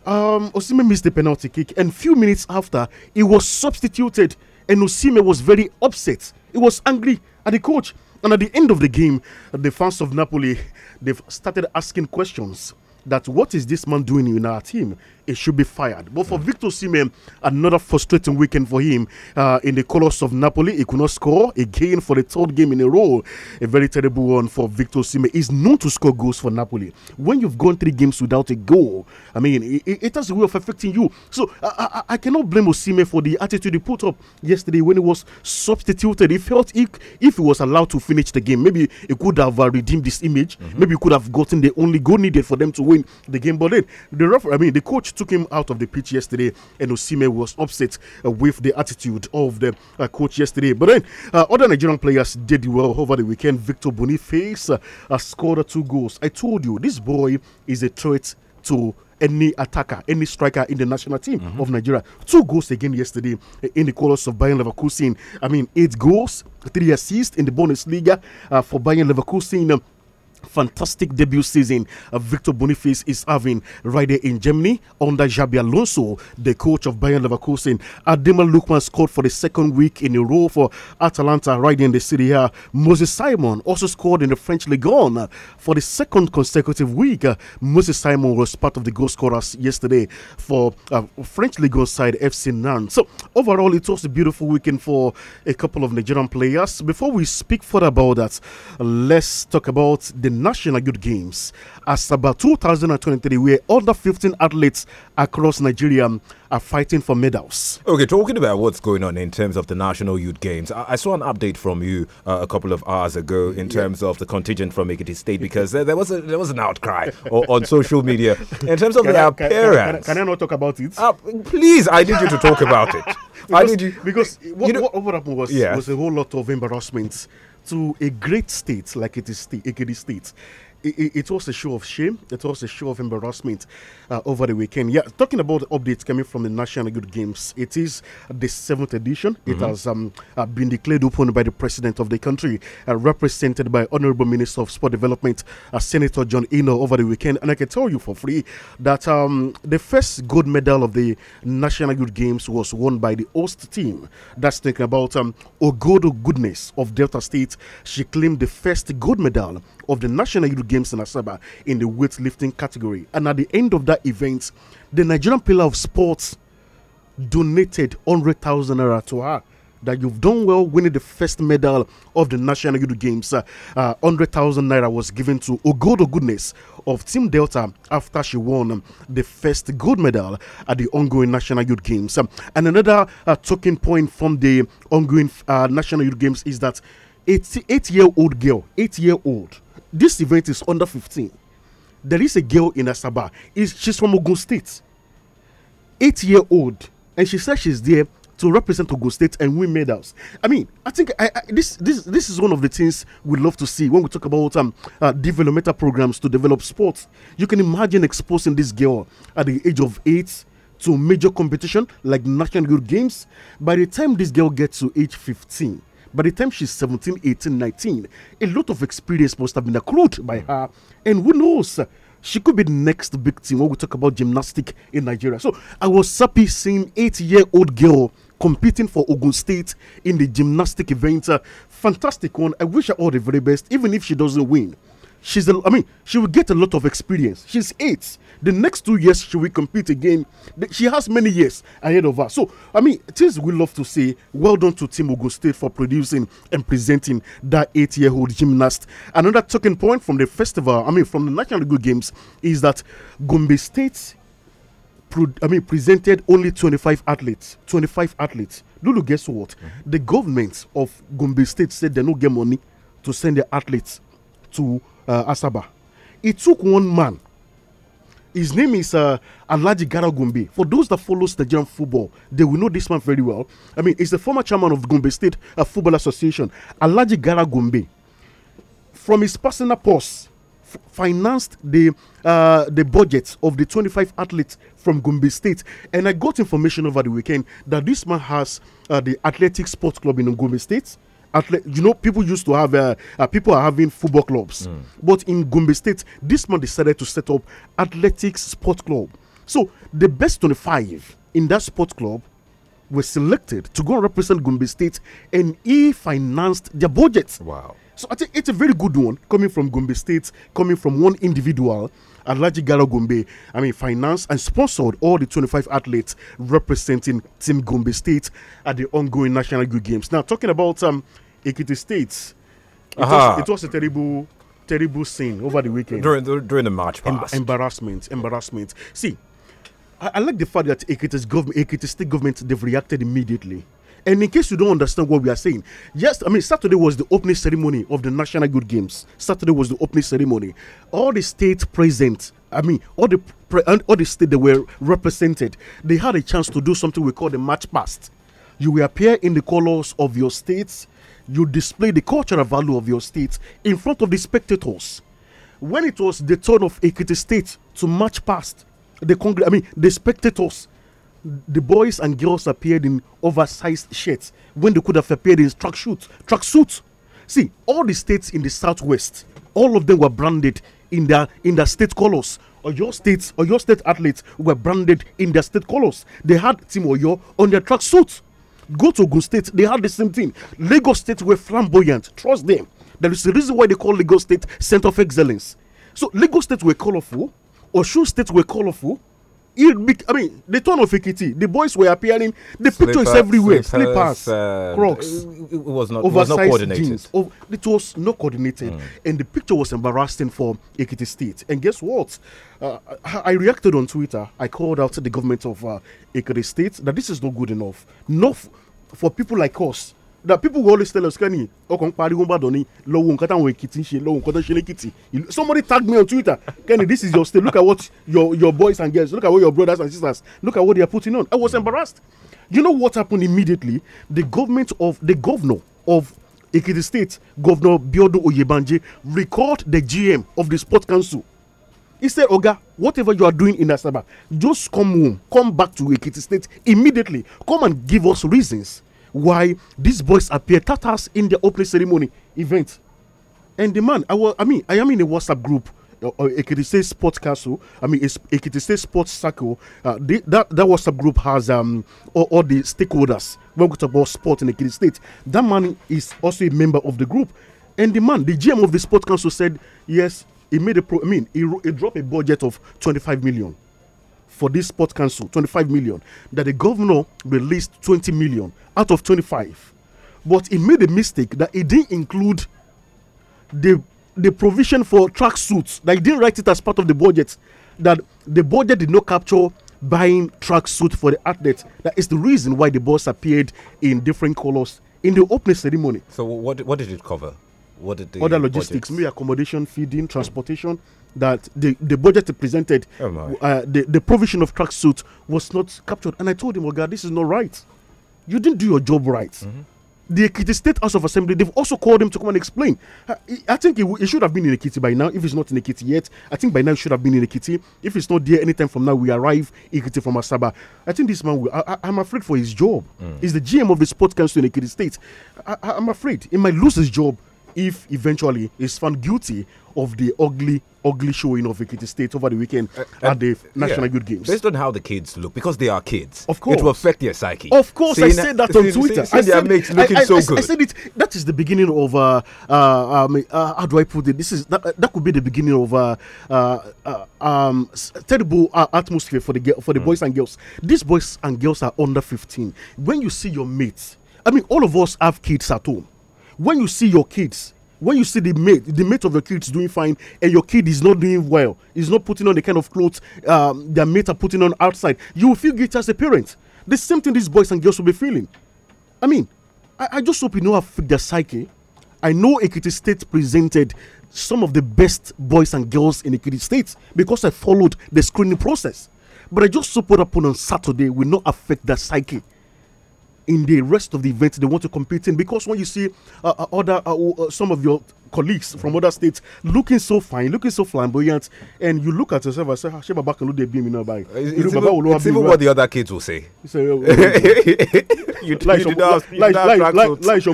Um, Osime missed the penalty kick, and few minutes after, he was substituted, and Osime was very upset. He was angry at the coach. And at the end of the game, the fans of Napoli they've started asking questions that what is this man doing in our team? it should be fired. But for Victor Simeon, another frustrating weekend for him uh, in the colours of Napoli. He could not score again for the third game in a row. A very terrible one for Victor Simeon. He's known to score goals for Napoli. When you've gone three games without a goal, I mean, it, it has a way of affecting you. So I, I, I cannot blame Osime for the attitude he put up yesterday when he was substituted. He felt he, if he was allowed to finish the game, maybe he could have uh, redeemed this image. Mm -hmm. Maybe he could have gotten the only goal needed for them to win the game. But then the referee, I mean, the coach took him out of the pitch yesterday, and Osime was upset uh, with the attitude of the uh, coach yesterday. But then uh, other Nigerian players did well over the weekend. Victor Boniface uh, scored two goals. I told you this boy is a threat to any attacker, any striker in the national team mm -hmm. of Nigeria. Two goals again yesterday in the colors of Bayern Leverkusen. I mean, eight goals, three assists in the Bundesliga uh, for Bayern Leverkusen. Um, fantastic debut season uh, Victor Boniface is having right there in Germany under Xabi Alonso, the coach of Bayern Leverkusen. Adema Lukman scored for the second week in a row for Atalanta right in the city here. Moses Simon also scored in the French Ligue 1 uh, for the second consecutive week. Uh, Moses Simon was part of the goal scorers yesterday for uh, French Ligue 1 side FC Nantes. So overall, it was a beautiful weekend for a couple of Nigerian players. Before we speak further about that, let's talk about the the National Youth Games as about 2023, where other 15 athletes across Nigeria are fighting for medals. Okay, talking about what's going on in terms of the National Youth Games, I, I saw an update from you uh, a couple of hours ago in yeah. terms of the contingent from Ekiti State because there was a, there was an outcry or, on social media in terms of can their I, can, appearance. Can, can, I not talk about it? Uh, please, I need you to talk about it. because, I need you because what, you know, what, what happened was yeah. was a whole lot of embarrassments to a great state like it is Ekiti State, it, it, was a show of shame. It was a show of embarrassment uh, over the weekend. Yeah, talking about the updates coming from the National Good Games, it is the seventh edition. Mm -hmm. It mm-hmm. has um, uh, been declared open by the president of the country, uh, represented by Honorable Minister of Sport Development, uh, Senator John Eno, over the weekend. And I can tell you for free that um, the first gold medal of the National Good Games was won by the host team. That's talking about um, Ogodo Goodness of Delta State. She claimed the first gold medal of the National Youth Games in Asaba in the weightlifting category. And at the end of that event, the Nigerian pillar of sports donated 100,000 naira to her. That you've done well winning the first medal of the National Youth Games. Uh, 100,000 uh, naira was given to Ogodo Goodness of Team Delta after she won the first gold medal at the ongoing National Youth Games. Um, and another uh, talking point from the ongoing uh, National Youth Games is that eight year old girl, 8 year old, this event is under 15. There is a girl in Asaba. Is she's from Ogun State. Eight year old, and she says she's there to represent Ogun State and win medals. I mean, I think I, I, this this this is one of the things we love to see when we talk about um, uh, developmental programs to develop sports. You can imagine exposing this girl at the age of eight to major competition like national youth games. By the time this girl gets to age 15, by the time she's 17, 18, 19, a lot of experience must have been accrued by her. And who knows? She could be the next thing when we talk about gymnastic in Nigeria. So I was happy seeing eight-year-old girl competing for Ogun State in the gymnastic event. Uh, fantastic one. I wish her all the very best, even if she doesn't win. She's, a, I mean, she will get a lot of experience. She's eight. The next two years, she will compete again. She has many years ahead of her. So, I mean, things we love to say. Well done to Team Ogo State for producing and presenting that eight-year-old gymnast. Another talking point from the festival, I mean, from the National League Games, is that Gombe State I mean, presented only 25 athletes. 25 athletes. Lulu, guess what? Mm -hmm. The government of Gombe State said they don't get money to send their athletes to uh, Asaba. It took one man his name is uh, Alaji Garagumbi. For those that follows Nigerian football, they will know this man very well. I mean, he's the former chairman of Gumbi State uh, Football Association, Alaji Garagumbi. From his personal purse, financed the uh, the budget of the 25 athletes from Gumbi State. And I got information over the weekend that this man has uh, the Athletic Sports Club in Gumbi State Atle you know, people used to have uh, uh, people are having football clubs, mm. but in Gombe State, this man decided to set up athletics sport club. So the best 25 in that sport club were selected to go and represent Gombe State, and he financed their budget. Wow. So I think it's a very good one coming from Gombe State, coming from one individual Alaji Galo Gombe, I mean, financed and sponsored all the 25 athletes representing Team Gombe State at the ongoing National Youth Games. Now, talking about um, Ekiti State, it was, it was a terrible terrible scene over the weekend during the, during the match. Em embarrassment, embarrassment. See, I, I, like the fact that Ekiti Ekiti state government, they've reacted immediately. And in case you don't understand what we are saying, yes, I mean, Saturday was the opening ceremony of the National Good Games. Saturday was the opening ceremony. All the states present, I mean, all the and all the states that were represented, they had a chance to do something we call the match past. You will appear in the colors of your states, you display the cultural value of your state in front of the spectators. When it was the turn of Ekiti State to march past the Congress, I mean, the spectators the boys and girls appeared in oversized shirts when they could have appeared in track suits. Track suits. See, all the states in the southwest, all of them were branded in their in their state colors. Or your states or your state athletes were branded in their state colors. They had Team Oyo on their track suits. Go to Ogun State, they had the same thing. Lagos State were flamboyant. Trust them. There is a reason why they call Lagos State Center of Excellence. So Lagos State were colorful, Osun State were colorful, I mean, the town of Ekiti, the boys were appearing, the Slipper, picture is everywhere. Slippers, slippers uh, crocs. It, was not, oversized it was not coordinated. Jeans, oh, it was not coordinated. Mm. And the picture was embarrassing for Ekiti State. And guess what? Uh, I, reacted on Twitter. I called out the government of uh, Ekiti State that this is not good enough. Not for people like us that people will always tell us kẹ́ni ọkàn pari Ìbàdàn ni lọ́wọ́ nǹkan táwọn Èkìtì ń ṣe lọ́wọ́ nǹkan tó ń ṣe lẹ́kìtì somebody tag me on Twitter kẹ́ni this is your state look at what your your boys and girls look at what your brothers and sisters look at what they are putting on I was embarrassed you know what happened immediately the government of the governor of Ekiti State Governor Biodun Oyebanje recalled the GM of the Sport Council he said oga whatever you are doing in Asaba just come home come back to Ekiti State immediately come and give us reasons why these boys appear Tatars in the opening ceremony event. And the man, I, was, I mean, I am in a WhatsApp group or uh, uh, Ekiti State Sports Council, I mean, Ekiti State Sports Circle, uh, that, that WhatsApp group has um, all, all, the stakeholders when we talk about sport in Ekiti State. That man is also a member of the group. And the man, the GM of the Sports Council said, yes, he made a pro, I mean, he, he dropped a budget of 25 million for this sports council 25 million that the governor released 20 million out of 25 but he made a mistake that he didn't include the the provision for track suits that he didn't write it as part of the budget that the budget did not capture buying track suit for the athletes that is the reason why the boss appeared in different colors in the opening ceremony so what what did it cover what did the other logistics budgets? accommodation feeding transportation that the, the budget presented, oh uh, the, the provision of tracksuit was not captured. And I told him, "Oh God, this is not right. You didn't do your job right. Mm -hmm. The State House of Assembly, they've also called him to come and explain. I, uh, I think it, should have been in kitty by now. If it's not in kitty yet, I think by now it should have been in kitty. If it's not there anytime from now, we arrive Ekiti from Asaba. I think this man, will, I, am afraid for his job. Mm. He's the GM of the Sports Council in Ekiti State. I, am afraid he might lose his job if eventually is found guilty of the ugly, ugly showing of Ekiti State over the weekend uh, at the National yeah, Good Games. Based on how the kids look, because they are kids, of course, it will affect their psyche. Of course, saying I said that, on saying, Twitter. Saying I said, mates looking I, I, so I, good. I said it. That is the beginning of. Uh, uh, um, uh, how do I put it? This is that, uh, that could be the beginning of uh, uh, um, terrible atmosphere for the for the mm. boys and girls. These boys and girls are under fifteen. When you see your mates, I mean, all of us have kids at home when you see your kids when you see the mate the mate of your kids doing fine and your kid is not doing well is not putting on the kind of clothes um, their mate are putting on outside you will feel guilty as a parent the same thing these boys and girls will be feeling i mean i, I just hope you know how their psyche i know Equity state presented some of the best boys and girls in Equity state because i followed the screening process but i just hope what happened on saturday will not affect their psyche in the rest of the events they want to compete in. Because when you see uh, uh other uh, uh, uh, some of your colleagues from other states looking so fine, looking so flamboyant, and you look at yourself and say, "She baba can look the beam in our bag." It's even what the other kids will say. Oh, you like you like like like like like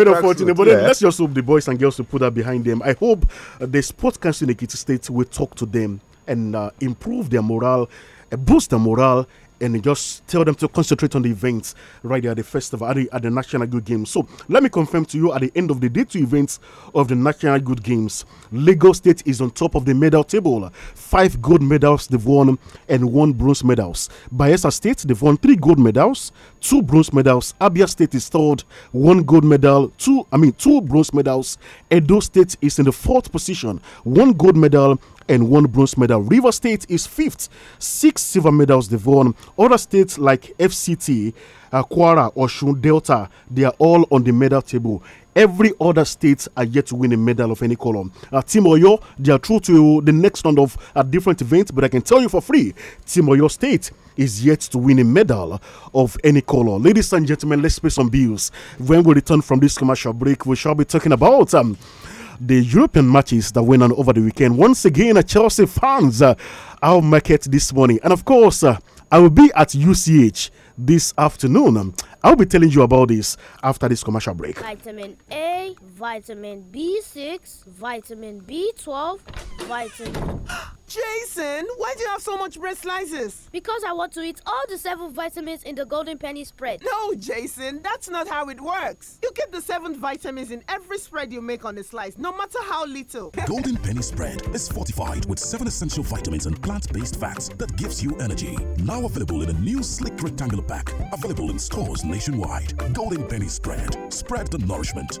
but then let's just hope the boys and girls to put that behind them. I hope the sports council in Ekiti State will talk to them and uh, improve their morale, uh, boost their morale, and just tell them to concentrate on the events right there at the festival, at the, at the National Good Games. So let me confirm to you at the end of the day two events of the National Good Games, Lagos State is on top of the medal table. Five gold medals they've won and one bronze medals. Bayelsa State, they've won three gold medals, two bronze medals. Abia State is third, one gold medal, two, I mean, two bronze medals. Edo State is in the fourth position, one gold medal and one bronze medal. River State is fifth, six silver medals they've won. Other states like FCT, Aquara, uh, Oshun, Delta, they are all on the medal table. Every other state are yet to win a medal of any color Uh, Team Oyo, they are through to the next round of a different event, but I can tell you for free, Team Oyo State is yet to win a medal of any color. Ladies and gentlemen, let's pay some bills. When we return from this commercial break, we shall be talking about um, the European matches that went on over the weekend. Once again, uh, Chelsea fans, uh, I'll make it this morning. And of course, uh, I will be at UCH this afternoon. Um, I'll be telling you about this after this commercial break. Vitamin A, vitamin B6, vitamin B12 Jason, why do you have so much bread slices? Because I want to eat all the seven vitamins in the golden penny spread. No, Jason, that's not how it works. You get the seven vitamins in every spread you make on a slice, no matter how little. golden penny spread is fortified with seven essential vitamins and plant-based fats that gives you energy. Now available in a new sleek rectangular pack, available in stores nationwide. Golden penny spread. Spread the nourishment.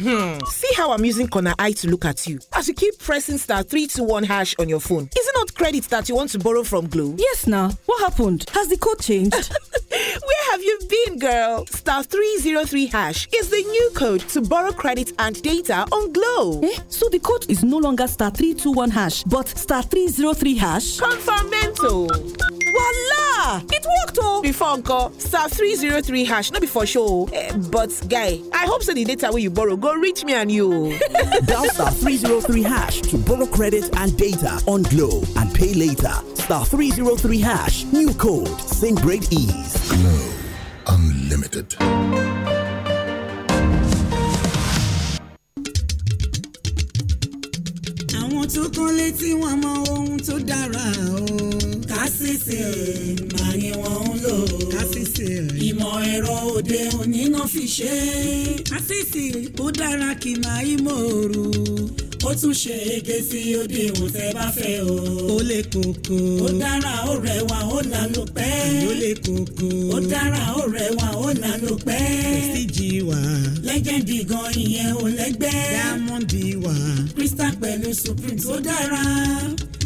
Hmm. See how I'm using corner eye to look at you as you keep pressing star 321 hash on your phone. Is it not credit that you want to borrow from Glow? Yes, now. What happened? Has the code changed? Where have you been, girl? Star 303 hash is the new code to borrow credit and data on Glow. Eh? So the code is no longer star 321 hash, but star 303 hash? Confirmento. Voila! It worked, oh! Before, Uncle, star 303 hash, not before show. Eh, but, guy, I hope so the data will you borrow go reach me and you. Dial star 303 hash to borrow credit and data on Glow and pay later. Star 303 hash, new code, same great ease. Glow Unlimited. àwọn tó kán létí wọn mọ ohun tó dára o kásìsì máa. ni wọ́n ń lò. kásìsì rẹ̀. ìmọ̀ ẹ̀rọ òde òní náà fi ṣe é. kásìsì ó dára kì máa í mòoru. ó tún ṣe ege sí òde ìwò tẹ́ bá fẹ́ o. ó le koko. ó dára ó rẹwà ó là ló pẹ́. ó le koko. ó dára ó rẹwà ó là ló pẹ́. kò sí jí lẹ́gẹ̀dì gan ìyẹn ò lẹ́gbẹ́. dáàmọ́ndì wa. crystal pẹ̀lú supreme tó dára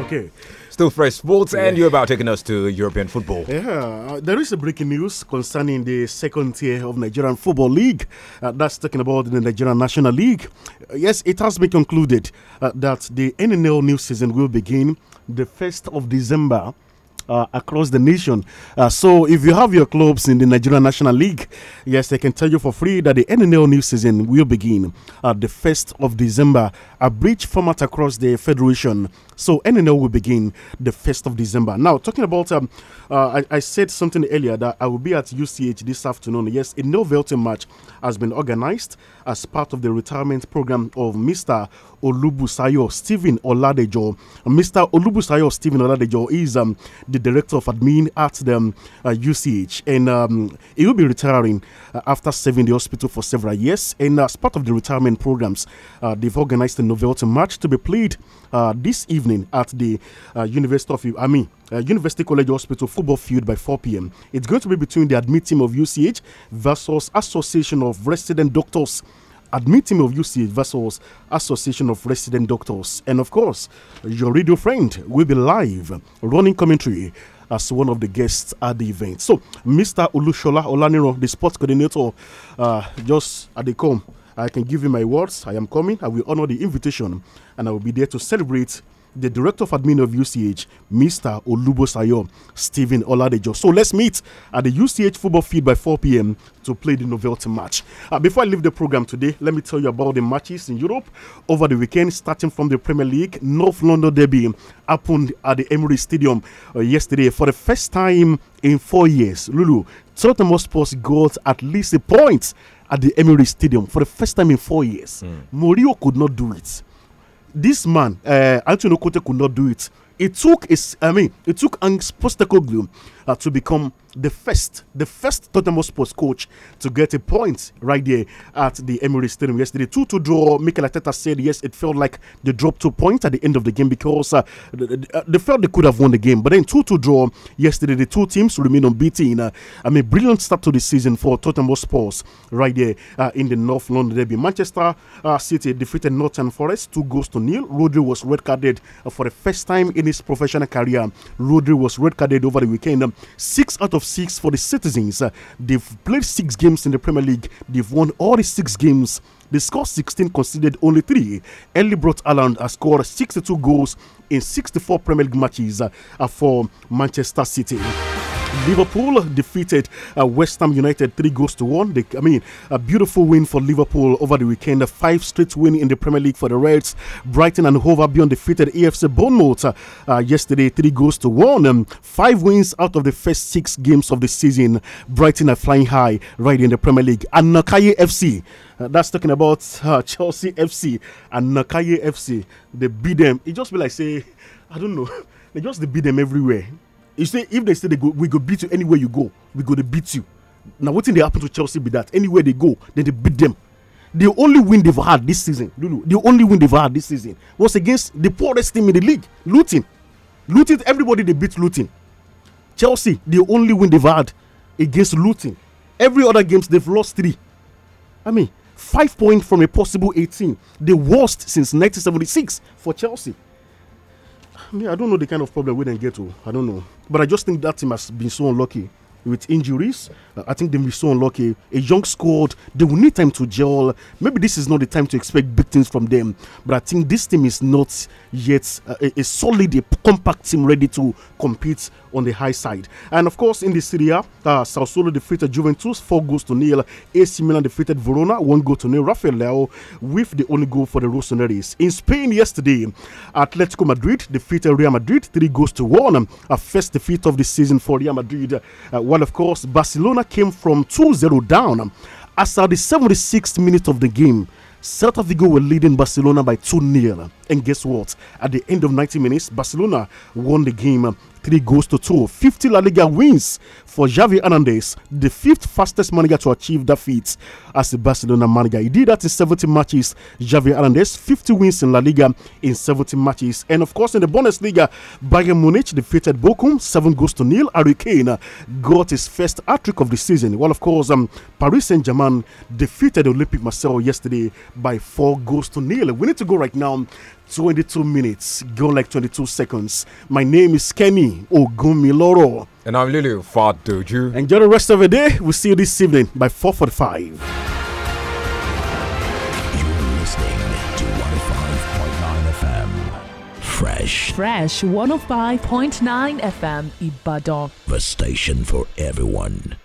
Okay. Still fresh sports, and you're about taking us to European football. Yeah, uh, there is a breaking news concerning the second tier of Nigerian Football League. Uh, that's talking about the Nigerian National League. Uh, yes, it has been concluded uh, that the NNL new season will begin the 1st of December uh, across the nation. Uh, so if you have your clubs in the Nigerian National League, yes, they can tell you for free that the NNL new season will begin at uh, the 1st of December, a bridge format across the federation. So NNL will begin the 1st of December. Now, talking about, um, uh, I, I, said something earlier that I will be at UCH this afternoon. Yes, a novelty match has been organized as part of the retirement program of Mr. Olubusayo Stephen Oladejo. Mr. Olubusayo Stephen Oladejo is um, the director of admin at the um, UCH, and um, he will be retiring uh, after serving the hospital for several years. And as part of the retirement programs, uh, they've organized a novelty match to be played uh, this evening at the uh, University of I mean uh, University College Hospital football field by 4 p.m. It's going to be between the admit team of UCH versus Association of Resident Doctors admit team of UCH versus Association of Resident Doctors. And of course, your radio friend will be live running commentary as one of the guests at the event. So, Mr. Ulushola Olaniro, the sports coordinator, uh, just at the come I can give you my words. I am coming. I will honor the invitation, and I will be there to celebrate the director of admin of UCH, Mr. Olubosayo Stephen Oladejo. So let's meet at the UCH football field by 4 p.m. to play the novelty match. Uh, before I leave the program today, let me tell you about the matches in Europe over the weekend, starting from the Premier League. North London derby happened at the Emirates Stadium uh, yesterday for the first time in four years. Lulu, Tottenham Sports got at least a point at the Emirates Stadium for the first time in four years. Mm. Mourinho could not do it. This man, uh, Antonio Conte, could not do it. It took, a, I mean, it took Ange Postecoglou uh, to become the first, the first Tottenham Sports coach to get a point right there at the Emirates Stadium yesterday. 2 2 draw. Mikel Arteta said, yes, it felt like they dropped two points at the end of the game because uh, they felt they could have won the game. But then 2 2 draw yesterday, the two teams remain unbeaten. Uh, I mean, brilliant start to the season for Tottenham Sports right there uh, in the North London derby. Manchester uh, City defeated Northern Forest two goals to nil. Rodri was red carded uh, for the first time in his professional career. Rodri was red carded over the weekend. Um, six out of six for the citizens. Uh, they've played six games in the Premier League, they've won all the six games they scored 16, conceded only three. Ellie brought Alland has scored 62 goals in 64 Premier League matches uh, for Manchester City. Liverpool defeated uh, West Ham United three goals to one. They, I mean, a beautiful win for Liverpool over the weekend. A five straight win in the Premier League for the Reds. Brighton and Hove Albion defeated AFC Bournemouth uh, uh, yesterday three goals to one. Um, five wins out of the first six games of the season. Brighton are flying high right in the Premier League. And Nakaye FC uh, that's talking about uh, Chelsea FC and Nakaye FC. They beat them. It just be like say, I don't know. they just they beat them everywhere. You see, if they say they go, we go beat you anywhere you go, we go to beat you. Now, what thing they happen to Chelsea be that anywhere they go, then they beat them. The only win they've had this season, Lulu, the only win they've had this season was against the poorest team in the league, Luton. Luton, everybody they beat Luton. Chelsea, the only win they've had against Luton. Every other games they've lost three. I mean, five points from a possible 18, the worst since 1976 for Chelsea. I mean, I don't know the kind of problem we didn't get to. I don't know. But I just think that team has been so unlucky with injuries I think they be so unlucky. A young squad, they will need time to gel. Maybe this is not the time to expect big things from them, but I think this team is not yet uh, a, a solid, a compact team ready to compete on the high side. And of course, in the Serie A, uh, defeated Juventus four goals to nil. AC Milan defeated Verona one goal to nil. Rafael with the only goal for the Rossoneri's. In Spain yesterday, Atletico Madrid defeated Real Madrid three goals to one. A first defeat of the season for Real Madrid. Uh, while of course Barcelona came from 2 0 down as at the 76th minute of the game. Celta Vigo were leading Barcelona by 2 0. And guess what? At the end of 90 minutes, Barcelona won the game three goals to two. 50 La Liga wins for Xavi Hernandez, the fifth fastest manager to achieve that feat as the Barcelona manager. He did that in 70 matches. Xavi Hernandez, 50 wins in La Liga in 70 matches. And of course, in the Bundesliga, Bayern Munich defeated Bochum, seven goals to nil. Harry Kane got his first hat trick of the season. Well, of course, um, Paris Saint Germain defeated Olympic Marseille yesterday by four goals to nil. We need to go right now 22 minutes, gone like 22 seconds. My name is Kenny Ogumiloro. And I'm Lulu Fadoju. Enjoy the rest of the day. We'll see you this evening by 4.45. You're listening to oh FM. Fresh. Fresh 105.9 FM Ibadan. The station for everyone.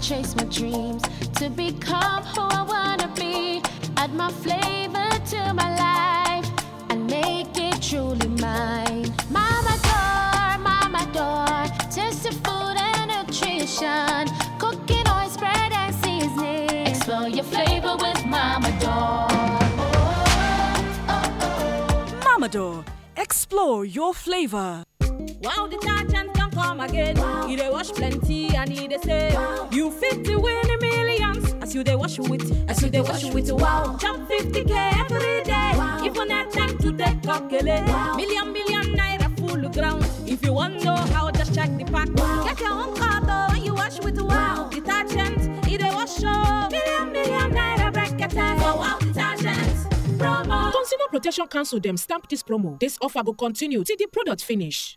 chase my dreams, to become who I wanna be. Add my flavor to my life and make it truly mine. Mama door, mama door, tasty food and nutrition, cooking oil spread and seasoning. Explore your flavor with Mama door. Oh, oh, oh. Mama door, explore your flavor. Wow, the Chargers don't come again. Wow. He they wash plenty I need they say, wow. You to win a millions. As you they wash with, as, as you they wash with, wow. Jump 50k every day. Wow. If you not time to take calculate. Wow. Million, million naira full ground. If you want to know how, just check the pack. Wow. Get your own car though when you wash with, wow. wow. Detergent, he they wash show. Million, million naira bracket. Wow, wow, detergent. Promo. Consumer Protection Council them stamp this promo. This offer will continue till the product finish.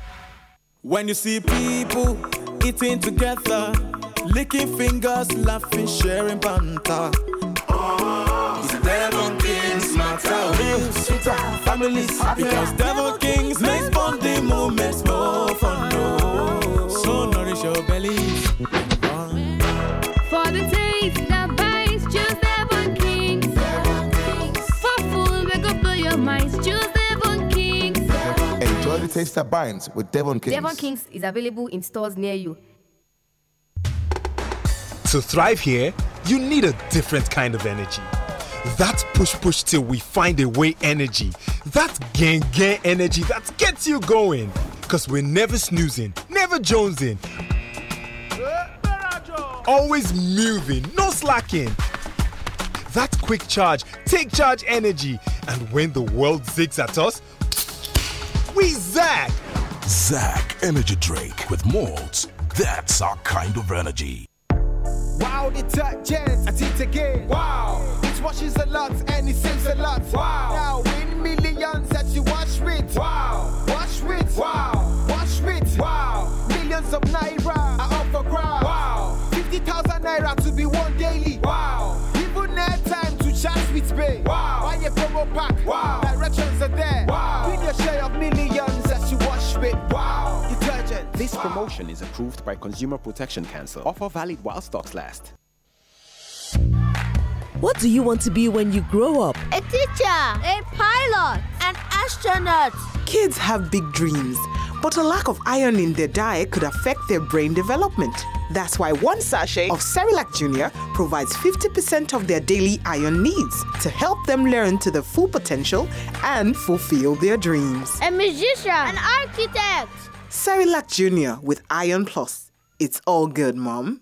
When you see people eating together, licking fingers, laughing, sharing banter. Oh, it's devil kings matter. Families, because devil kings. taster binds with Devon Kings. Devon Kings is available in stores near you. To thrive here, you need a different kind of energy. That push push till we find a way energy. That gang gang energy that gets you going. Cause we're never snoozing, never jonesing. Always moving, no slacking. That quick charge, take charge energy. And when the world zigs at us, we Zach. Zach Energy Drake with molds. That's our kind of energy. Wow, detergent, I teach again. Wow, it washes a lot and it saves a lot. Wow, now win millions that you wash with. Wow, wash with. Wow, wash with. Wow, millions of naira are up for grabs. Wow, 50,000 naira to be won daily. Wow, even have time to charge with pay. Wow, buy a promo pack. Wow. This promotion is approved by Consumer Protection Council. Offer valid while stocks last. What do you want to be when you grow up? A teacher, a pilot, an astronaut. Kids have big dreams, but a lack of iron in their diet could affect their brain development. That's why one sachet of Cerilac Junior provides 50% of their daily iron needs to help them learn to their full potential and fulfill their dreams. A musician, an architect Lach Jr. with Iron Plus. It's all good, Mom.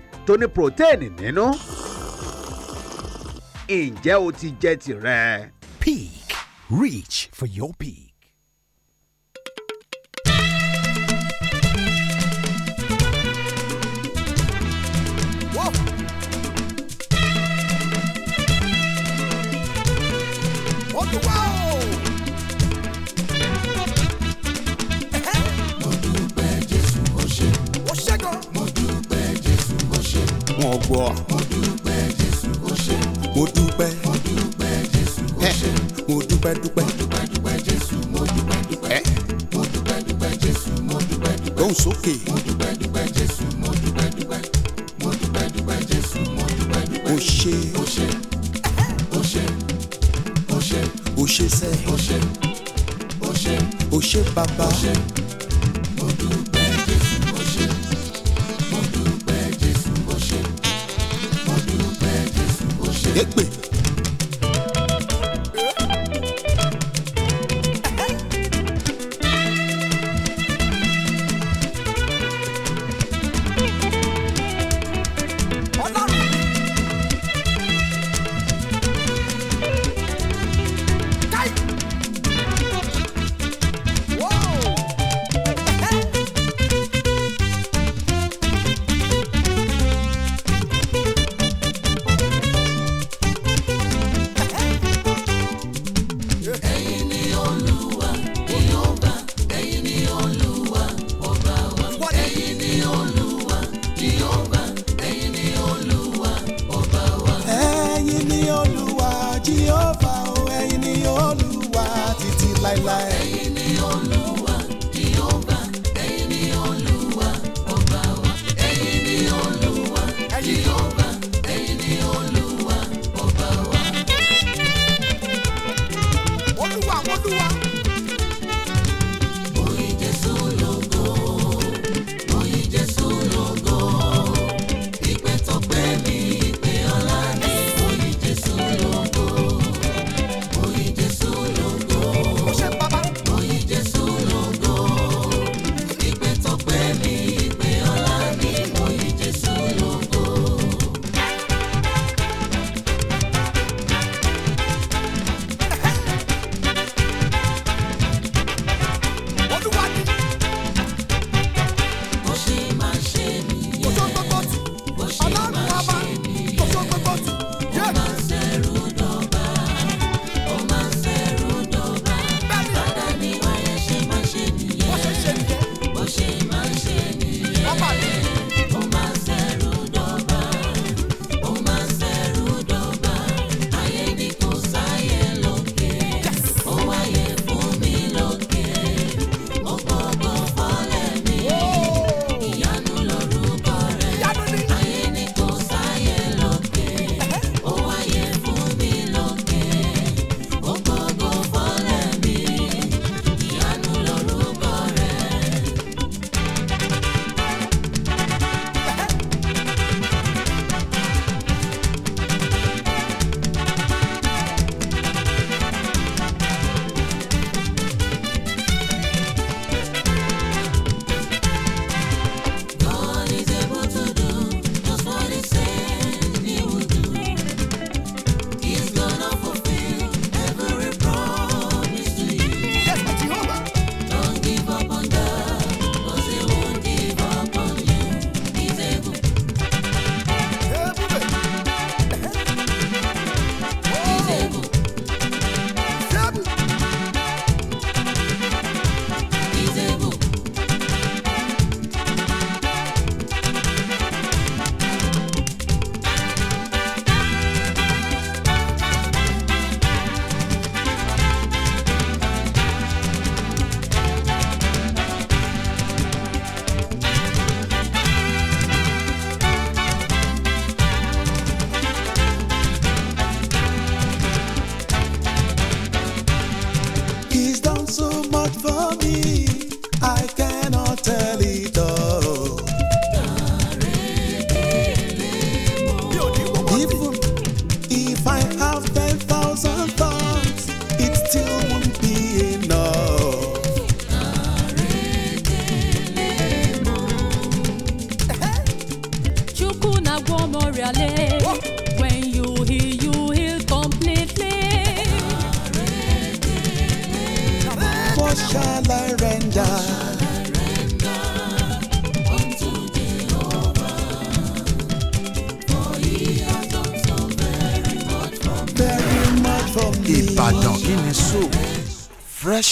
tó ní protein nínú. ǹjẹ́ o ti jẹ tirẹ̀? Peak. Reach for your peak. Whoa. ìwọ. mo dúpẹ́ jésù ó ṣe. mo dúpẹ́. mo dúpẹ́ jésù ó ṣe. mo dúpẹ́ dúpẹ́. mo dúpẹ́ dúpẹ́ jésù mo dúpẹ́ dúpẹ́. mo dúpẹ́ dúpẹ́ jésù mo dúpẹ́ dúpẹ́. gbóhùn sókè. mo dúpẹ́ dúpẹ́ jésù mo dúpẹ́ dúpẹ́. mo dúpẹ́ dúpẹ́ jésù mo dúpẹ́ dúpẹ́. ó ṣe. ó ṣe. ó ṣe. ó ṣe. ó ṣe sẹ́. ó ṣe. ó ṣe. ó ṣe bàbá. ó ṣe.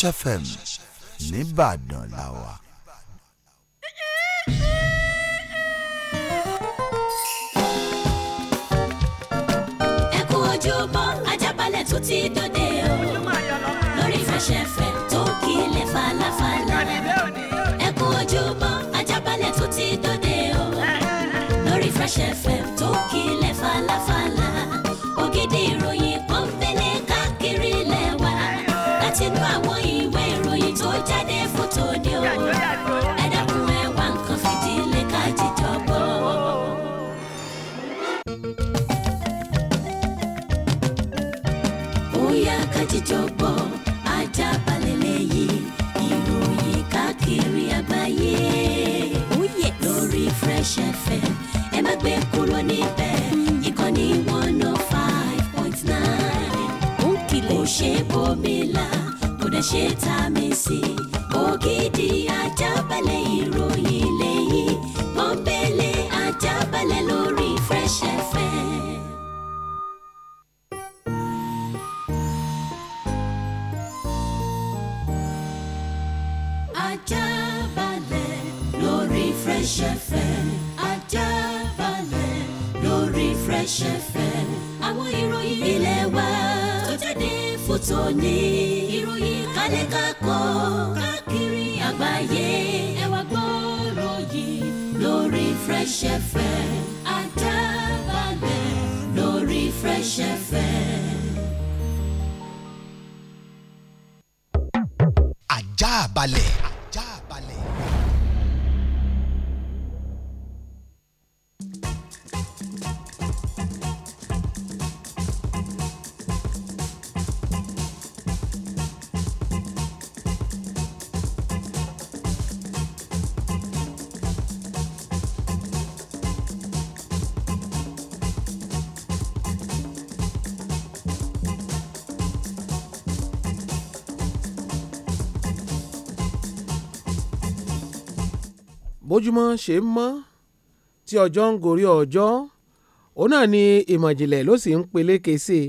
Rocha bóyá ká jíjọ bọ̀ ajá balẹ̀ lẹ́yìn ìròyìn káàkiri àgbáyé. Ó oh yẹ lórí Fresh FM ẹ má gbé kúrò níbẹ̀ ìkànnì one oh five point nine. Ó kìlẹ̀ ó ṣe bómi la kò dẹ̀ ṣe tá a mi Ògidì ajá balẹ̀ ìròyìn. òní ìròyìn kálẹ̀ kakọ́ káàkiri àgbáyé ẹ wá gbọ́rọ̀ yìí lórí Fresh FM Àdábàgbẹ̀ lórí Fresh FM. àjà balẹ̀. bójúmọ́ ṣe ń mọ́ tí ọjọ́ ń gorí ọjọ́ òun náà ni ìmọ̀jìnlẹ̀ ló sì ń peléke sí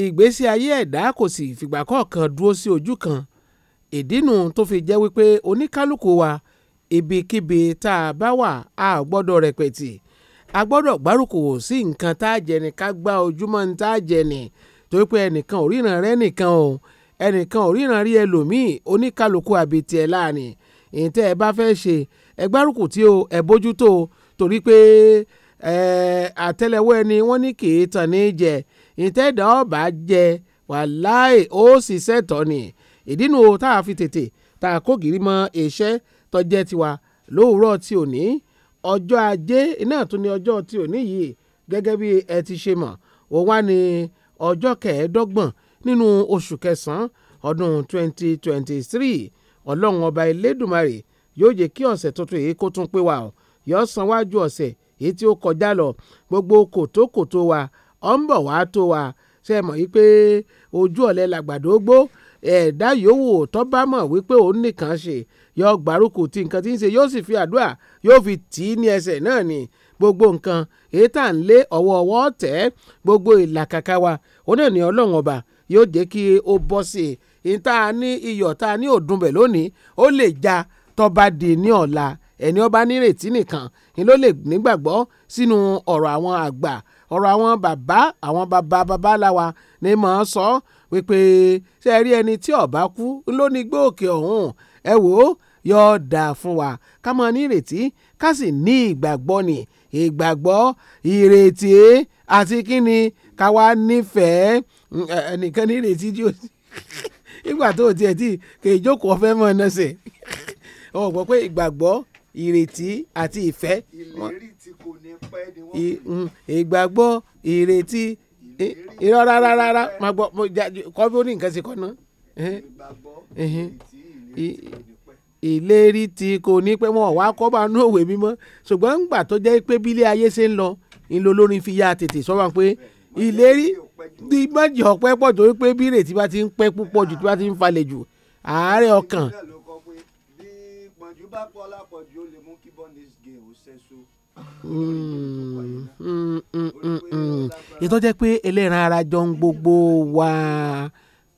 i ìgbésí ayé ẹ̀dá kò sì fìgbà kọ̀ọ̀kan dúró sí ojú kan ìdínú tó fi jẹ́ wípé oníkálukú wa ibikíbi tá a bá wà a gbọ́dọ̀ rẹpẹ̀tì a gbọ́dọ̀ gbárùkù sí nǹkan tá a jẹ ní ká gba ojúmọ́ ní tá a jẹ ní torí pé ẹnìkan ò rẹ nìkan o ẹnìkan ò rí ẹlòmíì oníkálukú àbètì ẹ̀ láàrin ìyẹn tẹ́ ẹ bá fẹ́ ṣe ẹ gbárùkù tí o ẹ bójútó torí pé àtẹ́lẹwọ́ ẹni wọ́n ní kì í tàn ní jẹ ìtẹ́dà ọ̀bà jẹ wàláì ó sì sẹ́tọ̀ ni ìdínú tá a fi tètè tá a kó gìrì mọ iṣẹ́ tọ́jẹ́ tiwa lówùúrọ̀ tí ò ní ọjọ́ ajé náà tún ní ọjọ́ tí ò ní yìí gẹ́gẹ́ bí ẹ ti ṣe mọ̀ ó wá ní ọjọ́ kẹẹ̀ẹ́dọ́gbọ̀n nínú oṣù kẹsàn-án ọdún 2023 ọlọ́run ọba elédùnmarè yóò jẹ́ kí ọ̀sẹ̀ tuntun èyí kó tún pé wa ọ̀ yọ san wájú ọ̀sẹ̀ èyí tí ó kọjá lọ gbogbo kòtókòtó wa ọ̀ ń bọ̀ wá tó wa ṣe mọ̀ wípé ojú ọ̀lẹ làgbàdo gbó ẹ̀ẹ́dá yòówù tó bá mọ̀ wípé òun nìkan ṣe yọ gbárùkù tí nǹkan tí ń ṣe yóò sì fi àdúrà yóò fi tì í ní ẹsẹ̀ náà ni gbogbo nǹkan èyí tá à ń lé ọwọ́ ọwọ́ tẹ̀ gbogbo ìlàkàkà wa òun náà ni ọlọ́run ọba yóò jẹ́ kí ó bọ́ sí i ìta ní iyọ̀ ta ní òdùnbẹ̀ lónìí ó lè ja tó bá di ní ọ̀la ẹni ó nírètí nìkan ni ló lè nígbàgbọ́ sínú ọ̀rọ̀ àwọn àgbà ọ̀rọ̀ àwọn bàbá àwọn bàbá bàbá làwa ni mò ń sọ wípé ṣe rí ẹni tí ó bá kú ló ní gbòòkè ọ̀hún ẹ wò ó yóò dáa fún wa ká máa nírètí ká sì ní ìgbàgbọ́ ni ìgbàgbọ́ ìrètí àti kíni ká wá nífẹ̀ẹ́ ẹnìkan nírètí tí ó nígbà tó tiẹ̀ tí kì í jókòó ọ̀fẹ́ mọ́ ẹ náà sè wọn ò gbọ́ pé ìgbàgbọ́ ìrètí àti ìfẹ́. ìlérí tí kò ní pẹ́ ni wọ́n. Mm, ìgbàgbọ́ ìrètí irọ́ rárá rárá máa gbọ́ kọ́ bí ó ní nǹkan ṣe kọ́ ná. ìgbàgbọ́ ìrètí ìlérí tí kò ní pẹ́ ìlérí tí kò ní pẹ́ wọn wá kọ́ bá nú òwe mímọ́ ṣùgbọ́n ńgbà tó jẹ́ pé bílé ayé ṣe ń lọ ńlọ lórin fi ya tètè sọ wọn pé ìlérí bí mọ́jì ọ̀pẹ́ pọ̀ torí pé bí ìrètí bá ti ń pẹ́ púpọ̀ jù tí bá ti ń falẹ̀ jù àárẹ̀ ọkàn bá pọ̀ lápọ̀jù ó lè mú kí bondage gay ó ṣẹ́ṣó. ètò jẹ́ pé ẹlẹ́ran ara jọ ń gbogbo wa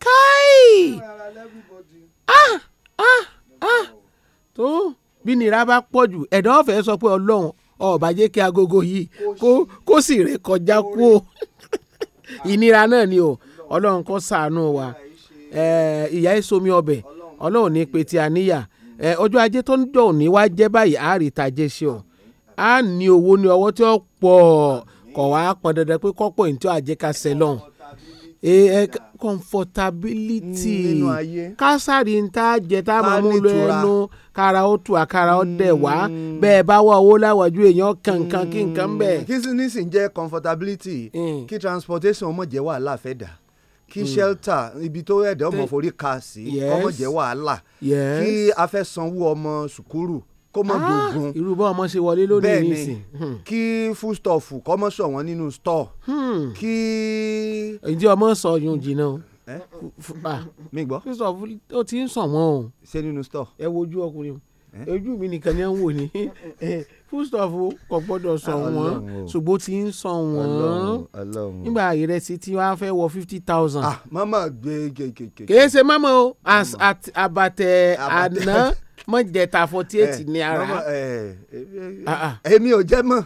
káì ah ah ah tó bí nira bá pọ̀ jù ẹ̀dọ́ ọ̀fẹ́ sọ pé ọlọ́run ọba jẹ́ kí agogo yìí kó sì ré kọjá kú o ìnira náà ni o ọlọ́run kó ṣàánú wa ìyá ìsomi ọbẹ̀ ọlọ́run ní pe ti àníyà ọjọ́ ajé tó ń jọ òní wá jẹ́ báyìí àárítà jẹ́ ṣe ọ́ á ní owó ní ọwọ́ tí ó pọ̀ kọ̀ wá pọn dandan pé kọ́pọ̀ ìntí àjẹká sẹ́lọ̀n comfortability mm, kásárì ń tá jẹ tá a máa mú lọ ẹnu kára ó tù àkàrà ó dẹ̀ mm. wá bẹ́ẹ̀ bá wà owó láwàjú èèyàn kankan kí nǹkan bẹ́ẹ̀. Mm. kí sì ń jẹ́ comfortability kí transportation ọmọ jẹ́ wàhálà fẹ́ dà kí hmm. shelter ibi tó ẹ̀dẹ̀ ọmọ forí ka sí kọ́mọ jẹ́ wàhálà kí afẹ́sanwó ọmọ sùkúrù kó mọ ah, dogun irú bá ọmọ ṣe wọlé lónìí nísìn bẹ́ẹ̀ni hmm. kí foodstuff kọ́ mọ́ sọ wọ́n nínú store hmm. kí. ǹjẹ́ ọmọ sọ yun jìnnà o ah. mi gbọ́ foodstuff ó ti ń sọ wọ́n o. ṣé nínú store. ẹ wojú ọkùnrin ojú mi nìkan ni ẹ ń wò ni foodstuff kò gbọ́dọ̀ sọ wọ́n ṣùgbọ́n tí ń sọ wọ́n nígbà ìrẹsì tí wọ́n á fẹ́ wọ fifty thousand. Ah, mama gbé kékeré. kì í ṣe mama o as at abatẹ àná mọ̀jẹ̀ta forty eight eh, ní ara. Eh, ah, ah. èmi ò jẹ́ mọ́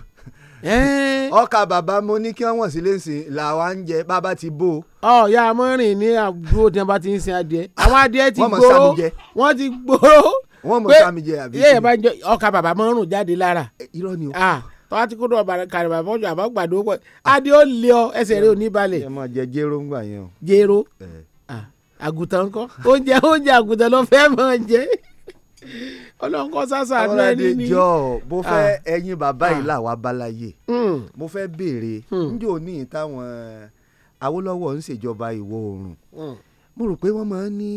eh. ọkà bàbá mo ní kí wọn wọn sí lẹsìn làwa ń jẹ bàbá ti bó. ọ ya mọ́rin ní àbúrò tí wọn bá ti ń sin adìẹ àwọn adìẹ ti gbó wọn ti gbó wọ́n mọ̀ sáà mi jẹ àbí. yẹ́yẹ́ bá ń jẹ ọkà bàbá mọ́rùn jáde lára. Eh, irọ́ ni o. tọ́wá ti kó dọ̀ kàrẹ̀ bàbá ọjọ́ àbá gbàdúró pọ̀ ah. adé ó lé ọ ẹsẹ̀ rẹ ò ní balẹ̀. ẹ máa jẹ jéró ń gbà yẹn o. jéró eh. àgùntàn kọ́ oúnjẹ oúnjẹ àgùntàn ló fẹ́ máa jẹ ọlọ́run kọ́ sásà ní ẹni ni. ọlọ́dẹ jọ bó fẹ́ ẹyin bàbá yìí làwa balaye hmm. mo fẹ́ béèrè níjẹ́ hmm. òní táwọn eh, Awólọ́wọ̀ ń ṣèjọba ìwọ̀ oòrùn hmm. mo rò pé wọ́n máa ń ní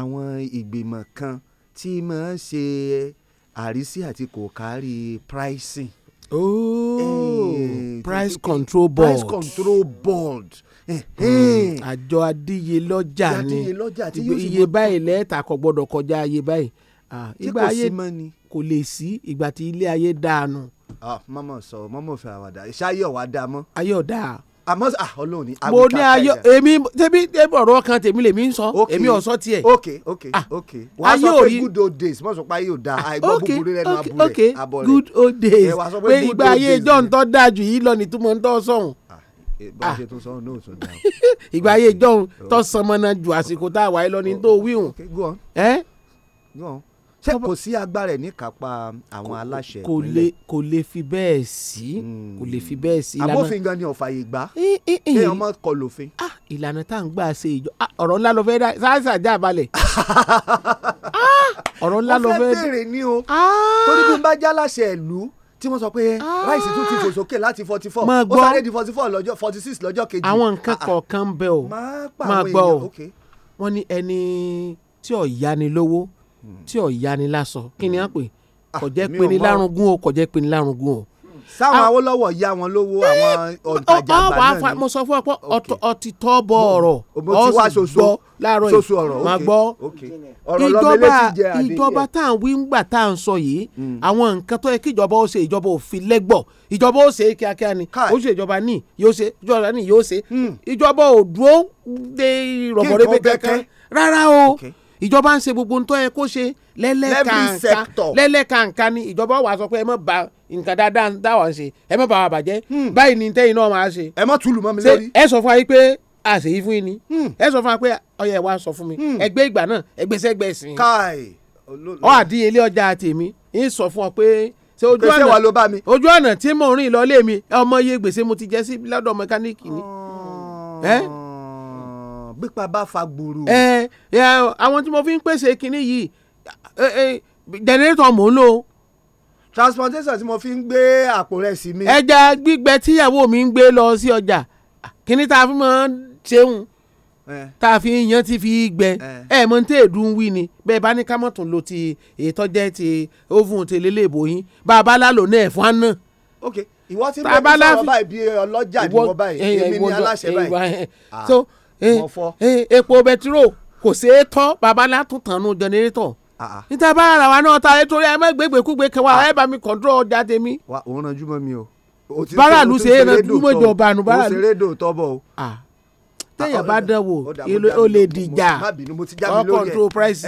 àwọn ìgbìmọ̀ kan tí mo ń ṣe àrísí àti kò kárí pricing. oh, eh, price control board price control board hmm, àjọ adíyelọ́jà ni iye báyìí lẹ́ẹ̀ta kò gbọ́dọ̀ kọjá iye báyìí ìgbà ayé kò lè sí ìgbà tí ilé ayé dáa nù. mọ́mọ́ sọ mọ́mọ́ fẹ́ àwàdà iṣẹ́ ayé ọ̀wá dáa mọ́. ayé ọ̀dà àmọ́ ọlọ́run ni. mo ní ayọ̀ èmi tẹ́bí ọ̀rọ̀ kan tèmi lèmi ń sọ èmi ò sọ tiẹ̀. ok ok ah, ok wàá sọ pé good old days mọ̀ sọ pé ayé ò da àìgbọ́ búburú rẹ̀ máa bú rẹ̀ abọ́ rẹ̀ good old days pé ìgbà ayé ìjọ ń tọ́ dáa jù yìí lọ ní túmọ̀ ń tọ́ sọ̀hún. Ah, ah. ìgbà ayé ìjọ ń tọ́ sanmọ́nà ju àsìkò tá a wà yìí lọ ní tó wíhùn ṣé kò sí agbára ẹ̀ níkápá àwọn aláṣẹ ìpínlẹ̀. kò lè fi bẹ́ẹ̀ sí hmm. kò lè fi bẹ́ẹ̀ sí. amófin gan ni ò fàyè gbà kéèyàn mọ́ kọ lòfin. Ah, ìlànà tá à ń gbà ṣe ìjọ ah, ọ̀rọ̀ ńlá ló fẹ́ dá sáàsà já balẹ̀ ah, ọ̀rọ̀ ńlá ló fẹ́ dá. ó fẹ́ bèrè ni o torí bí n bá jáláṣẹ ìlú tí wọ́n sọ pé ráìsì tún ti fò sókè láti forty four ó sáré di forty four lọ́jọ́ forty six lọ́jọ́ kejì. àwọn nǹkan kọ̀ọ̀kan bẹ́ẹ̀ o máa gbọ́ o wọ́n ní ẹni tí ò yáni lówó tí ò yanilásọ kí ni à ń pè hmm. ah, kọjẹ pinni lárugún o kọjẹ pinni lárugún o. sáwọn Awólọ́wò yá wọn lówó eh, àwọn ọ̀ntajà àgbà náà ni. mo sọ fún ọ pé ọtítọ́ bọ hmm. ọ̀rọ̀ ọ̀sùgbọ́ láàárọ̀ yìí máa gbọ́ ìjọba ìjọba tá à ń wí ńgbà tá à ń sọ yìí hmm. àwọn nǹkan tó yẹ kí ìjọba ó ṣe ìjọba ò fi lẹ́gbọ̀ ìjọba ó ṣe é kíákíá ni ó ṣe ìjọba ní yóò ṣe ìjọba ní yóò ṣe ìjọba ò dúró de rọ̀bọ̀rẹ́bẹ̀ kankan rárá o. okay ìjọba ń ṣe gbogbo ń tọ́ ẹ kó ṣe lẹ́lẹ́kàǹkà lẹ́lẹ́kàǹkà ni ìjọba wàá sọ pé ẹ má ba nǹkan dáadáa dáwà ń ṣe ẹ má ba wa bàjẹ́ hmm. báyìí ni tẹ́yìn náà máa ṣe. ẹ má túlù mọ́ mi lórí. ẹ sọ fún wa pé àṣeyí fún yín ni hmm. ẹ sọ fún wa pé ọyẹ wa sọ fún mi hmm. ẹgbẹ́ ìgbà náà ẹgbẹ́sẹ̀gbẹ́ sìn. káì ọ àdíyelé ọjà tèmi ń sọ fún ọ pé ṣe ojú ọ̀nà gbèsè wà ló bá mi. ojú ọ̀nà tí mò ń rìn lọ lé mi ọmọ iye gbèsè mo ti jẹ́ sí lọ́dọ̀ mẹkáníìkì ni bípa bá fa gbòòrò. ẹ ẹ àwọn tí mo fi ń pèsè kinní yìí jẹnẹrétọ̀ mò ń lò. transportation tí mo fi ń gbé àpò rẹ̀ sí mi. ẹja gbígbẹ tíyàwó mi ń gbé lọ sí ọjà kinní tá a fi máa ń ṣeun tá a fi ń yan ti fi gbẹ ẹ mọ tẹ ẹdùn wí ni bẹ́ẹ̀ bá ní ká mọ tún lo ti ìtọjẹ ti oven ti lélẹẹbù bàbá lálò náà ẹfọn á náà. ok ìwọ ti bẹ́ẹ̀ sọ̀rọ̀ báyìí bí ọlọ́jà ni wọ́n báyìí èmi ni aláṣẹ báyìí. Ah. Eh, mo fọ́. Eh, epo bẹtiró kò ṣeé tọ́ babalá tún tàn nù jẹnẹrétọ̀ ah, ah. níta bá ara wa náà ta ẹ torí ẹ má gbégbé kúgbe kan wa ah. ẹ bá mi kọ̀ǹtúrọ̀ ọjà tèmi. wa òun ranjú mọ́ mi o. báràlú ṣe é ranjú mọ́ ìjọba àánú báràlú. mo ṣeré dò tọ́bọ̀ o. téèyàn bá dán wò ó lè dìjà all control price.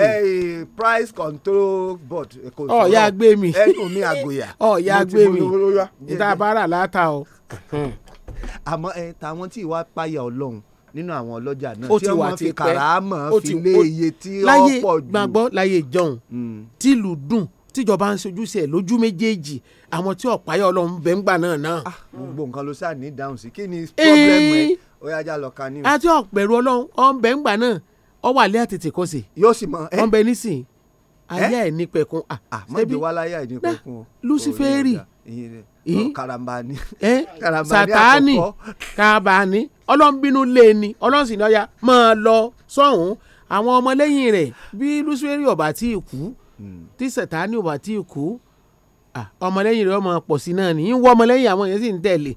price control board. ó yá gbé mi ẹnu mi àgòyà. ó yá gbé mi níta báràlá ta o. àmọ́ ẹ tàwọn tí ìwà payà ọlọ́run nínú àwọn ọlọ́jà náà tí wọ́n fi kàràmọ́ fi lé iye tí ó pọ̀ jù. gbàgbọ́ láyé ìjọun mm. tìlù dùn tíjọba ń sojúṣe ẹ lójú méjèèjì àwọn tí ọ̀páyọ̀ ọlọ́run bẹ́ẹ̀ ń gbà náà náà. Ah, gbogbo nǹkan ló sáà ní ìdáhùn sí kí ni eh, pọ́blẹ́mù ẹ̀ ó yá já lọ ka ní. àti ọ̀pẹ̀rù ọlọ́run ọ̀nbẹ ńgbà náà ọ wà lé àtètè kọ́ sí. yóò sì mọ ẹ ọ̀nbẹ nísìn ayé ẹ̀ nípẹ̀kun. Ah, ah, mọ̀jẹ̀ wá láyé ẹ̀ nípẹ̀kun. lucifere karambani sátani eh? karambani ọlọ́nbínú lé ni ọlọ́sìnlọ́yà máa lọ sọ́hún àwọn ọmọlẹ́yìn rẹ̀ bí lùsùwẹ̀rì ọ̀bà tí ì kú hmm. tí sátani ọ̀bà tí ì kú ọmọlẹ́yìn rẹ̀ ọmọ pọ̀ sí náà nìyí ń wọ́ ọmọlẹ́yìn àwọn yẹn sì ń tẹ̀lé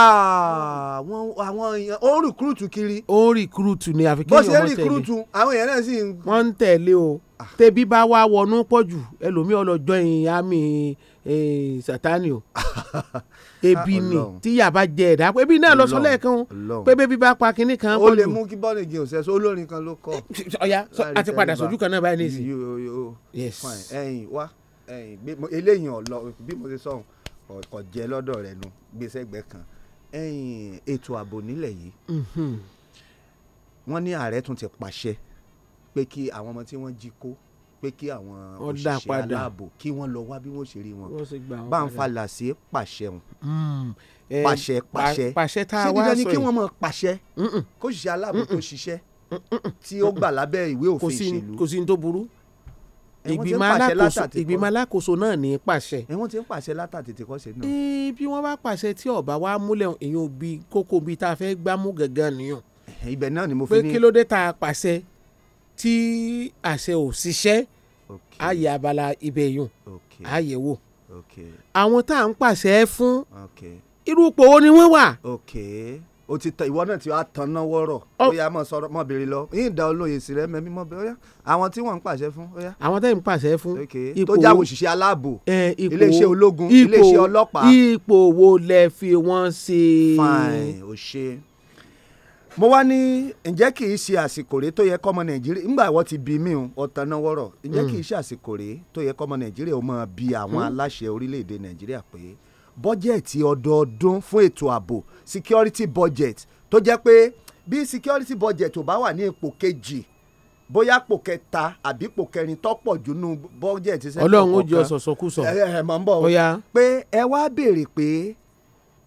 àwọn àwọn èèyàn ó rìkúrùtù kiri. ó rìkúrùtù ni àfi kéèyàn mọ tẹ̀lé bó ṣe rìkúrùtù àwọn èèyàn náà sì ń. wọ́n ń tẹ̀lé o tẹ̀bí bá wá wọnú Eh, sátani o ebi ni tíyà bá jẹ ẹ̀dá ebi náà lọ sọ lẹ́ẹ̀kan pé bébí bá pa kinní kan bọ́ọ̀lù. ó lè mú kí bọ́ọ̀lù jẹ òṣèṣ olórin kan ló kọ. ọ̀ya a ti padà sójú kan náà báyìí nìyí. yes ẹyin wá ẹyin eléyìí ọ̀lọ bí mo ṣe sọ̀hún ọ̀kọ̀ jẹ́ lọ́dọ̀ rẹ̀ nu gbèsè gbẹ kan ẹyin ètò ààbò nílẹ̀ yìí mm-hmm. wọ́n ní ààrẹ tún ti pàṣẹ pé kí àwọn ọmọ tí wọ́n jí kó pé kí àwọn òṣìṣẹ́ aláàbò kí wọ́n lọ wá bí wọ́n ṣe rí wọn bá ń falà sí pàṣẹ wọn hmm. pàṣẹ pàṣẹ pàṣẹ tá a wá sọ yìí ṣé dídá ni kí wọ́n máa pàṣẹ kó ṣiṣẹ́ aláàbò tó ṣiṣẹ́ tí ó gbà lábẹ́ ìwé òfin ìṣèlú kò sí ní tó burú ìgbìmọ̀ alákòóso náà ní pàṣẹ. ẹ̀wọ̀n ti ń pàṣẹ látàtètè kọ́sẹ̀ náà. ee bí wọ́n bá pàṣẹ tí ọba wa múlẹ̀ èèyàn òbí kókó bíi tá a fẹ́ gbámú gàngan nìyàn. ibẹ̀ náà ni mo fi ní. pé kí ló dé tá a pàṣẹ tí àṣẹ ò ṣiṣẹ́ á yẹ abala ibẹ̀ yùn á yẹ wò àwọn tá à ń pàṣẹ fún irú ipò wo ni wọ́n wà. o ti tẹ ìwọ náà ti wá tan wọ́rọ̀ ó mọ̀ sọ̀rọ̀ mọ̀ bèrè lọ yín ìdá olóye sì mẹ́mí mọ̀ bẹ́ẹ̀ àwọn tí wọ́n ń pàṣẹ fún àwọn tẹ́ ń pàṣẹ fún ipò tó jáwé òṣìṣẹ́ aláàbò iléeṣẹ́ ológun iléeṣẹ́ ọlọ́pàá. ipò wo lẹ fi wọ́n ṣe. fine o ṣe mo wá ní ǹjẹ́ kì í ṣe àsìkò rèé tó yẹ kọ́mọ nàìjíríà ńgbà wọ́n ti bí mí o ọ̀tàn náà wọ́rọ̀ ǹjẹ́ mm. kì í ṣe àsìkò rèé tó yẹ kọ́mọ nàìjíríà ó máa bi àwọn mm. aláṣẹ orílẹ̀-èdè nàìjíríà pé bọ́jẹ̀tì ọdọọdún fún ètò ààbò security budget tó jẹ́ pé bí security budget ò bá wà ní ipò kejì bóyá pò kẹta àbí pò kẹrin tọpọ junu bọjẹti sẹkọọ kan ó jẹ ọsọsọkúsọ ẹ ẹ mọ n bọ bóyá pé ẹ wá béèrè pé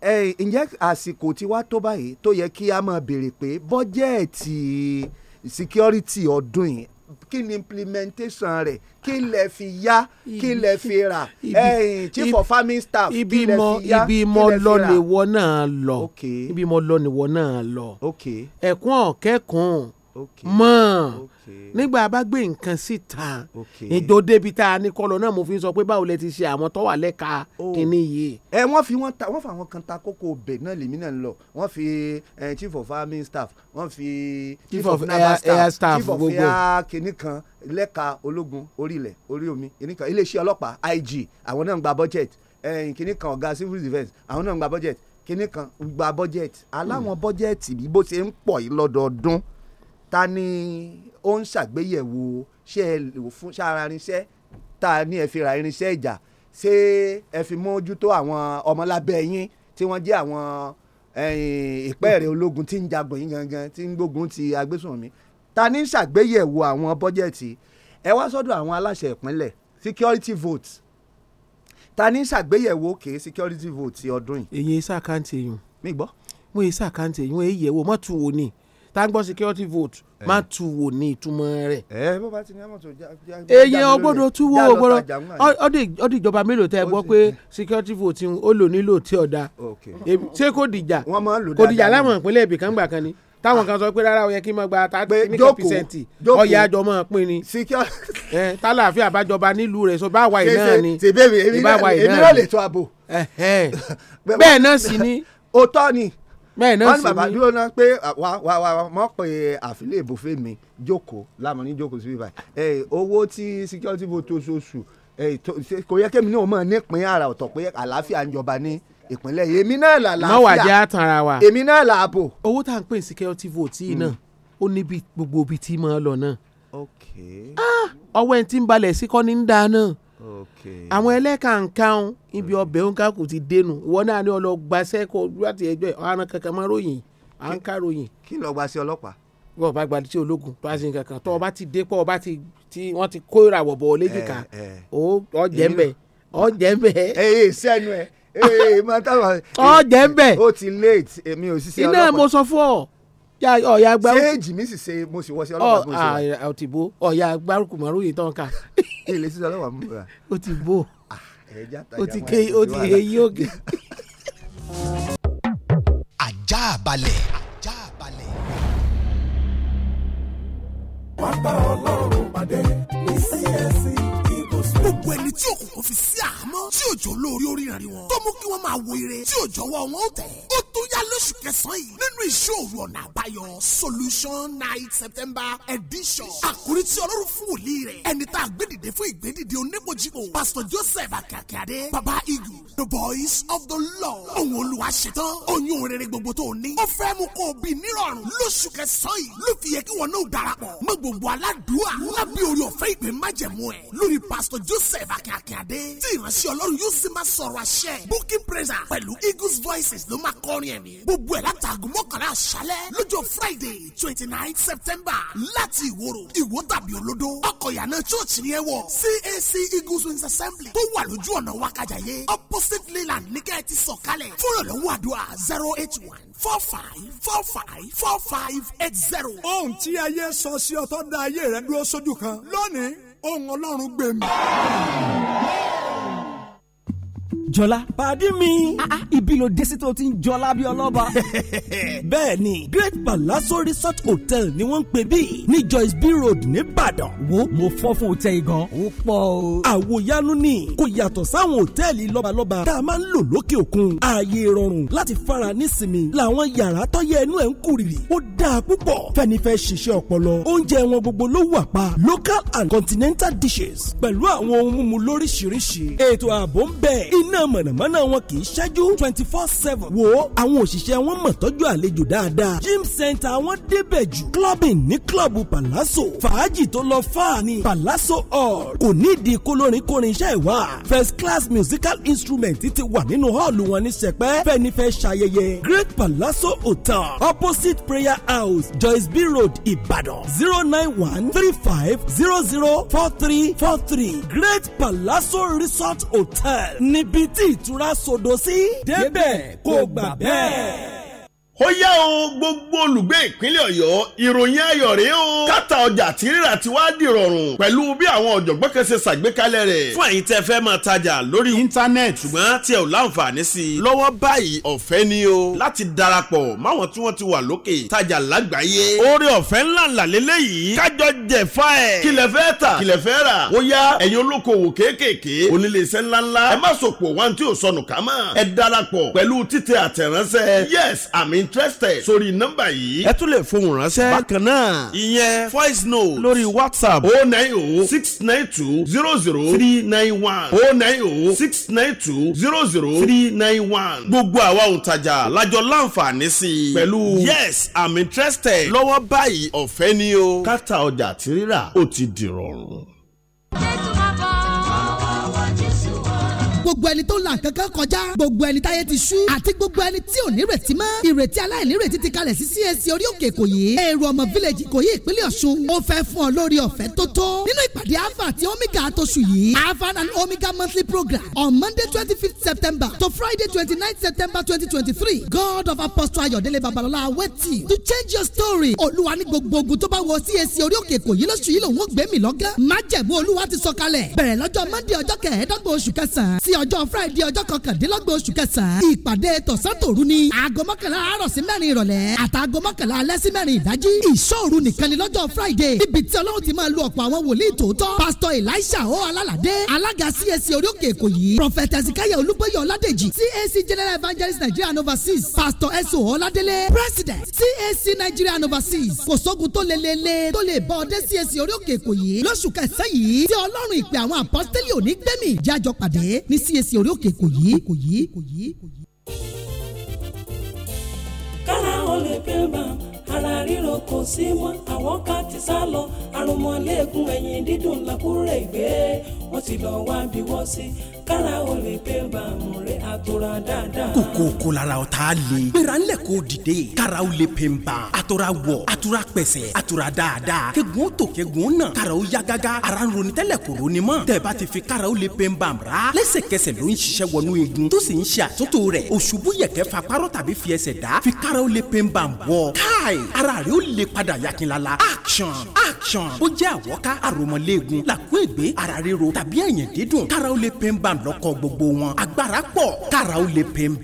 ǹjẹ́ àsìkò tí wàá tó báyìí tó yẹ kí a máa béèrè pé bọ́jẹ́ẹ̀tì security ọdún yìí kí ni implementation rẹ̀ kí lẹ fi yá kí lẹ fi rà chief of farming staff kí lẹ fi yá kí lẹ fi rà. ibi mo lọ ni wọ́n náà lọ ibi mo lọ ni wọ́n náà lọ ẹ̀kún mọ́ nígbà bá gbé nǹkan síta ìjó débi tá a ní kọlọ náà mo fi sọ pé báwo lẹ ti ṣe àwọn tó wà lẹ́ka oh. kínní yìí. ẹ wọ́n fi wọ́n ta wọ́n fa àwọn kan ta kókó ọbẹ̀ náà lèmi náà lọ wọ́n fi chief of army staff wọ́n fi chief of, of staff, air staff chief of air kìíní kan lẹ́ka ológun orílẹ̀ orí omi kìíní kan iléeṣẹ́ IG àwọn náà ń gba budget eh, kìíní kan ọ̀gá civil defence àwọn náà ń gba budget kìíní kan gba budget aláwọn hmm. budget bí bó ṣe ń pọ̀ yìí lọ́dọọdún ta ni ó ń ṣàgbéyẹ̀wò ṣé ẹ lò fún ṣára irinṣẹ́ ta ni ẹ fi ra irinṣẹ́ ìjà ṣé ẹ fi mójútó àwọn ọmọlábẹ́ yín tí wọ́n jẹ́ àwọn ìpẹ́ẹ̀rẹ̀ ológun tí ń jagun yín gangan tí ń gbógun ti agbésùnmí ta ni ń ṣàgbéyẹ̀wò àwọn bọ́jẹ̀tì ẹ wá sọ́dọ̀ àwọn aláṣẹ ìpínlẹ̀ security vote ta ni ń ṣàgbéyẹ̀wò òkè security vote ọdún yìí. èyí sáà káǹtì yìí. mi gbọ́. mo yẹ sáà káǹtì yìí wọ́n èyí yẹ̀ wo mọ́tò wò ni tá a gbọ́ security vote eh. má tu wò ní ìtumọ̀ rẹ̀. ẹ eh, bó bá ti ní àmọ̀ tó já já. èèyàn ọgbọ́dọ̀ tú wò ọgbọ́dọ̀ ọdún ìjọba mélòó tẹ ẹ gbọ́ pé security vote ó lò nílò tí ọ̀dà ṣé kò dìjà kò dìjà láwọn ìpínlẹ̀ ibì kan gbà kan ni táwọn kan sọ pé rárá o yẹ kí n máa gba tàbíkẹ́ písẹ́ǹtì ọ̀yà àjọ máa pín ni eh, tálàfíà àbájọba nílùú rẹ̀ sọ báwa ìná ni báwa ìná ni èmi náà lè tó àbò. bẹ́ẹ̀ náà sì ni. òótọ́ ni bẹ́ẹ̀ náà sì ni wọ́n ní bàbá dúró náà pé wà wà wà mọ̀ pé àfilẹ̀ ìbò fèmí jókòó lámọ̀ ní jókòó síbí báyìí owó tí security vote oṣooṣù kò yẹ kémi náà mọ̀ nípìn ara ọ̀tọ̀ pé àlàáfíà ń jọba ní ìpínlẹ̀ yìí èmi náà là láàfíà mọ̀wá jẹ́ àtàrà wa èmi náà là ààbò. owó tá à ń pè ní security vote yìí náà ó níbi gbogbo ibi tí mo lọ náà. ok. Ah, ọwọ́ ẹni tí ń balẹ̀ síkọ́ ní ń da àwọn ẹlẹ́kàǹkàn ibi ọbẹ̀ òǹkà kò ti dénú ìwọ náà ni ọlọ gbaṣẹ́ kó láti ẹjọ́ ẹ̀ ọ̀hánà kankan máa ròyìn à ń ká ròyìn. kí ló gba sí ọlọ́pàá. wọ́n ọba gbadi tí ológun bá ṣe nǹkan kan tọ́ ọba eh. ti dé pọ̀ ọba ti wọ́n ti kó ìràwọ̀ bọ̀ léjìká eh, eh. ọ̀jẹ̀ ń bẹ̀ ọ̀jẹ̀ ń bẹ̀. ẹyẹ sẹ́nu ẹ̀ ẹ̀ẹ́dẹ́gbẹ̀ta ọ̀jẹ̀ ń bẹ̀. ó ti late èmi ò ṣiṣẹ́ ọlọ́pàá. iná mo sọ fún ọ ya ọ̀ya oh, gbárùkù. séèjì mi sì ṣe mo sì wọ́ sí ọlọ́pàá oh, bó ṣe wà. ó ah, ti bó ọ̀ya oh, gbárùkù mọ́rú yìí tán ká. ilé sísọ ọlọ́pàá mú ra. ó ti bó ó ah, ti ké ó ti he yí òkè. ajá balẹ̀. ajá balẹ̀. wàá bá ọlọ́run pàdé ní CSC gbogbo ẹni tí òkùnkùn fi sí àhámọ́ tí òjò lórí oríran wọn tó mú kí wọ́n máa wo ire tí òjò wọ wọn ó tẹ̀. ó tó yá lóṣù kẹsàn-án yìí nínú ìṣòro ọ̀nà àbáyọ solution night september edition. àkòrí tí ọlọ́run fún wòlíì rẹ̀ ẹni tá a gbé dìde fún ìgbédìde onípojìpò pastor joseph akíakíade baba igu the voice of the lord. òun olùwà ṣetán oyún rere gbogbo tó ní. ó fẹ́ mú kó o bí nírọ̀rùn lóṣù kẹsàn-án yìí ló fi yẹ kí wọn náà darapọ̀ mọ́ gbogbo aládùúrà lábí orí ọ̀fẹ́ ìpè májẹ̀mú ẹ̀ lórí pastor joseph ìgbésẹ̀ bá kíákíá dé tí ìránṣẹ́ ọlọ́run yóò sì máa sọ̀rọ̀ àṣẹ booking prayer pẹ̀lú eagles voices ló máa kọrin ẹ̀mí gbogbo ẹ̀ látàgò mọ́kànlá àṣálẹ́ lọ́jọ́ friday twenty nine september láti ìwòrò ìwò tàbí olódó ọkọ̀ ìyànà church ni ẹ wọ̀ cac eagles wings assembly tó wà lójú ọ̀nà wákàjàyé opposite leland ní kẹ́ ẹ ti sọ̀kalẹ̀ fúnra lọ́wọ́ àdúrà zero eight one four five four five four five eight zero. ohun tí ayé sọ sí ọtọ́ da ayé rẹ dúró sójú kan lónìí ohun ọlọ́run gbé mi jọlá. pàdí mi. Ah, ah, ibi ló dé sí tó ti ń jọlá bí ọlọ́ba. bẹ́ẹ̀ni Great Palazzo Resort Hotel ni wọ́n ń pè bí ní Joyce B Road nìbàdàn. wo mo fọ́ fún hòtẹ́ igan. ó pọ̀ o. àwòyánu ni kò yàtọ̀ sáwọn hòtẹ́ẹ̀lì lọ́balọ́ba tá a máa ń lò lókè òkun. ààyè ìrọ̀rùn láti fara nísìmí làwọn yàrá tọ́yẹ ẹnu ẹ̀ ń kúrìrì. ó dáa púpọ̀ fẹ́ni fẹ́ ṣiṣẹ́ ọpọlọ. oúnjẹ wọn gbogbo ló wà pa local and continental dishes pẹ̀lú àwọn ohun mímu lóríṣiríṣi. ètò ààbò ń bẹ iná iná mọ̀nàmọ́ná wọn kì í ṣẹ́jú twenty four seven wo àwọn òṣìṣẹ́ wọn mọ̀ tọ́jú àlejò dáadáa gym center wọn débẹ̀ jù clubbing ní club palazzo fàájì tó lọ fà ní palazzo hall kò nídìí kólórin kórin iṣẹ́ ìwà first class musical instrument ti wà nínú hall wọn ní sẹpẹ́ fẹ́ni fẹ́ ṣayẹyẹ great palazzo hotel opposite prayer house joyce b road ìbàdàn zero nine one three five zero zero four three four three great palazzo resort hotel níbi tí ìtura sòdò sí débẹ̀ kò gbà bẹ́ẹ̀ ó yá o gbogbo olùgbé ìpínlẹ̀ ọ̀yọ́ ìròyìn ayọ̀ rèé o káta ọjà tí rírà ti wá di rọrùn pẹ̀lú bí àwọn ọ̀jọ̀gbọ́n kan ṣe ṣàgbékalẹ̀ rẹ̀ fún ẹ̀yin tẹ́ fẹ́ máa tajà lórí íńtánẹ́ẹ̀tì ṣùgbọ́n tí ẹ ò láǹfààní sí i lọ́wọ́ báyìí ọ̀fẹ́ ni o láti darapọ̀ máwọn tí wọ́n ti wà lókè tajà lágbàáyé oore ọ̀fẹ́ ńláńlá lélẹ́yìí interested sórí nọ́mbà yìí. ẹ tún lè fohùn ránṣẹ́. bákan náà ìyẹn voice note lórí whatsapp o oh nine o oh six nine two zero zero three nine one o oh nine o six nine two zero zero three nine one. gbogbo àwa òǹtajà lájọ láǹfààní sí i. pẹ̀lú yes i'm interested lọ́wọ́ báyìí ọ̀fẹ́ ni o. kátà ọjà tí rírà ó ti dìrọ̀rùn gbogbo ẹni tó ń la kọjá gbogbo ẹni táyé ti sú àti gbogbo ẹni tí ò nírètí mọ́ ìrètí aláìnírètí ti kalẹ̀ sí CAC orí òkè Ìkòyí èrò ọmọ village Ìkòyí ìpínlẹ̀ Ọ̀ṣun ó fẹ́ fún ọ lórí ọ̀fẹ́ tó tó nínú ìpàdé alpha àti omega àtọ̀sù yìí alpha and omega monthly program on Monday twenty fifth September to Friday twenty ninth September twenty twenty three God of Apostle Ayọ̀délé Babalọ́lá awẹ́tì to change your story olúwa ní gbogbo ogun tó bá wọ CAC orí òkè Ìkòyí lóṣù yìí lòun ó ọjọ́ friday ọjọ́ kọkàndínlọ́gbọ̀n oṣù kẹsàn-án ìpàdé tọ̀sán-tòru ni aago mọ́kànlá àárọ̀ sí mẹ́rin ìrọ̀lẹ́ àtàgọ́ mọ́kànlá alẹ́ sí mẹ́rin ìdájí ìṣòru nìkan ni lọ́jọ́ friday níbi tí ọlọ́run ti máa lu ọ̀pọ̀ àwọn wòlíì tòótọ́ pásítọ̀ elisha o alálàdé alága cac orí òkè èkó yìí prọfẹtẹ sikaya olúbóyè ọládèjì cac general evangelist nigeria and overseas pásítọ̀ eso ọládélé president cac nigeria overseas kò sógun tó lé lé lé tó lè bọ́ ọdẹ cac orí òkè èkó yìí lóṣù kẹsàn CAC orí òkè kò yí. kára ó lè pè bá ara ríro kò sí mọ́ àwọn ká ti sá lọ àrùnmọ́lẹ́gùn ẹ̀yìn dídùn làkúrẹ́ ìgbé wọ́n ti lọ́ọ́ wá bí wọ́n sí kára o lè pé bàmù rẹ̀ àtòrà dáadáa. kòkó kò lára o t'a le. gbéra ńlẹ̀ k'o dìde. kára o lè pè n àtòrà wọ̀ àtòrà pẹ̀sẹ̀ àtòrà dáadáa. kegun tó kegun nà. kára o ya gágá. ara ronú tẹ́lẹ̀ kò ronú mọ́. tẹ̀bá ti fi kára o lè pè n ra. lẹ́sẹ̀kẹsẹ̀ ló ń ṣiṣẹ́ wọnú igun. tó sì ń ṣe àtúntò rẹ̀. òṣùbù yẹ̀kẹ́ fa párọ̀ tàbí fi ẹsẹ̀ dá. fi kára o lè pè n bọ̀. káì ara rẹ̀ ó lè padà yakinlala action action ó jẹ́ àwọ́ká àròmọléegun làkúègbé ara ríro tàbí ẹ̀yìn dídùn kára ó lè pè ń bá lọ́kọ̀ gbogbo wọn agbára pọ̀ kára ó lè pè ń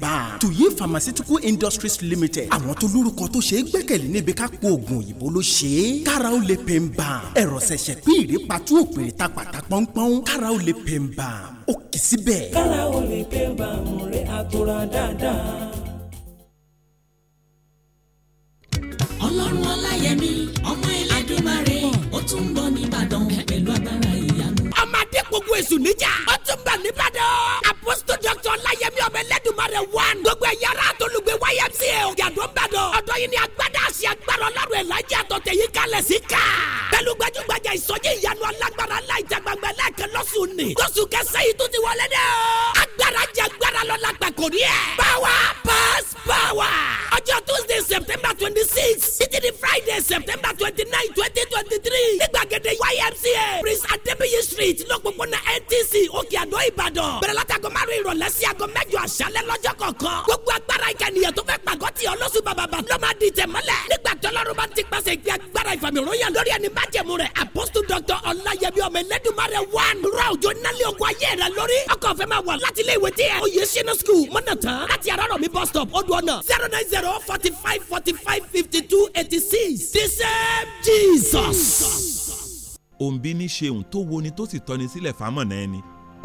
tuyi pharmaceutical industries limited àwọn tó lórúkọ tó ṣe é gbẹ́kẹ̀lé níbi ká po oògùn òyìnbó ló ṣe é kára ó lè pè ń bá. ẹ̀rọ ṣẹ̀ṣẹ̀ pín ìrèpàtú òpèrè ta pàtà pọ́npọ́n kára ó lè pè ń ó kì í síbẹ̀. kára ó lè pè ń bá mọ̀rẹ́ àtúrà dáadáa ọmọ Elédùmarè ó tún ń bọ̀ nìbàdàn pẹ̀lú agbára ìyanu. ọmọdé gbogbo èṣù níjà ó tún bọ̀ nìbàdàn apostol doctor ọláyẹmí ọmọ ẹlẹ́dùnmarè one gbogbo ẹ̀yà ara àtolùgbé ymca ọ̀gàdó ń agbada àṣì agbára ọlọ́run ẹ̀lájà àtọ̀tẹ̀ yìí kalẹ̀ sí ká pẹ̀lú gbajúgbajà ìsọjí ìyanu alágbára ńlá ìjàgbàgbà lẹ́ẹ̀kan ni lọ́sùn kẹsẹ́ yìí tún ti wọlé o agbára jẹ agbára lọ la gbà pass power ọjọ́ tuesday september twenty six títí friday september twenty nine twenty twenty three ní gbàgede ymca prince adébíyí street na ntc òkè àdó ìbàdàn bẹ̀rẹ̀ látàgọ́ márùn ìrọ̀lẹ́ sí aago mẹ́jọ àṣálẹ́ lọ́jọ́ kọ̀ọ̀kan gbogbo agbára ìkànnìyàn tó fẹ́ pàgọ́ tí ọlọ́sùn bàbàbà ló máa di tẹ̀mọ́lẹ̀ nígbà tọ́lọ́run bá ti pàṣẹ ìgbé agbára ìfàmìròyìn lórí ẹni má jẹ̀mú rẹ̀ apostle doctor ọláyẹmí ọmọ ẹlẹ́dùnmarẹ̀ one rọ òjò nálẹ̀ ogun ayé rẹ̀ lórí ọkọ̀ fẹ́ máa wà láti ilé ìwé tẹ́ oyè sinu school mọ́nà tán láti àrọ́rọ̀ mi bus stop odò ọ̀nà zero nine zero forty five forty five fifty two eighty six the same Jesus. òǹbí ní ṣeun tó wo ni tó sì tọ́ni sílẹ̀ fámọ̀nà ẹni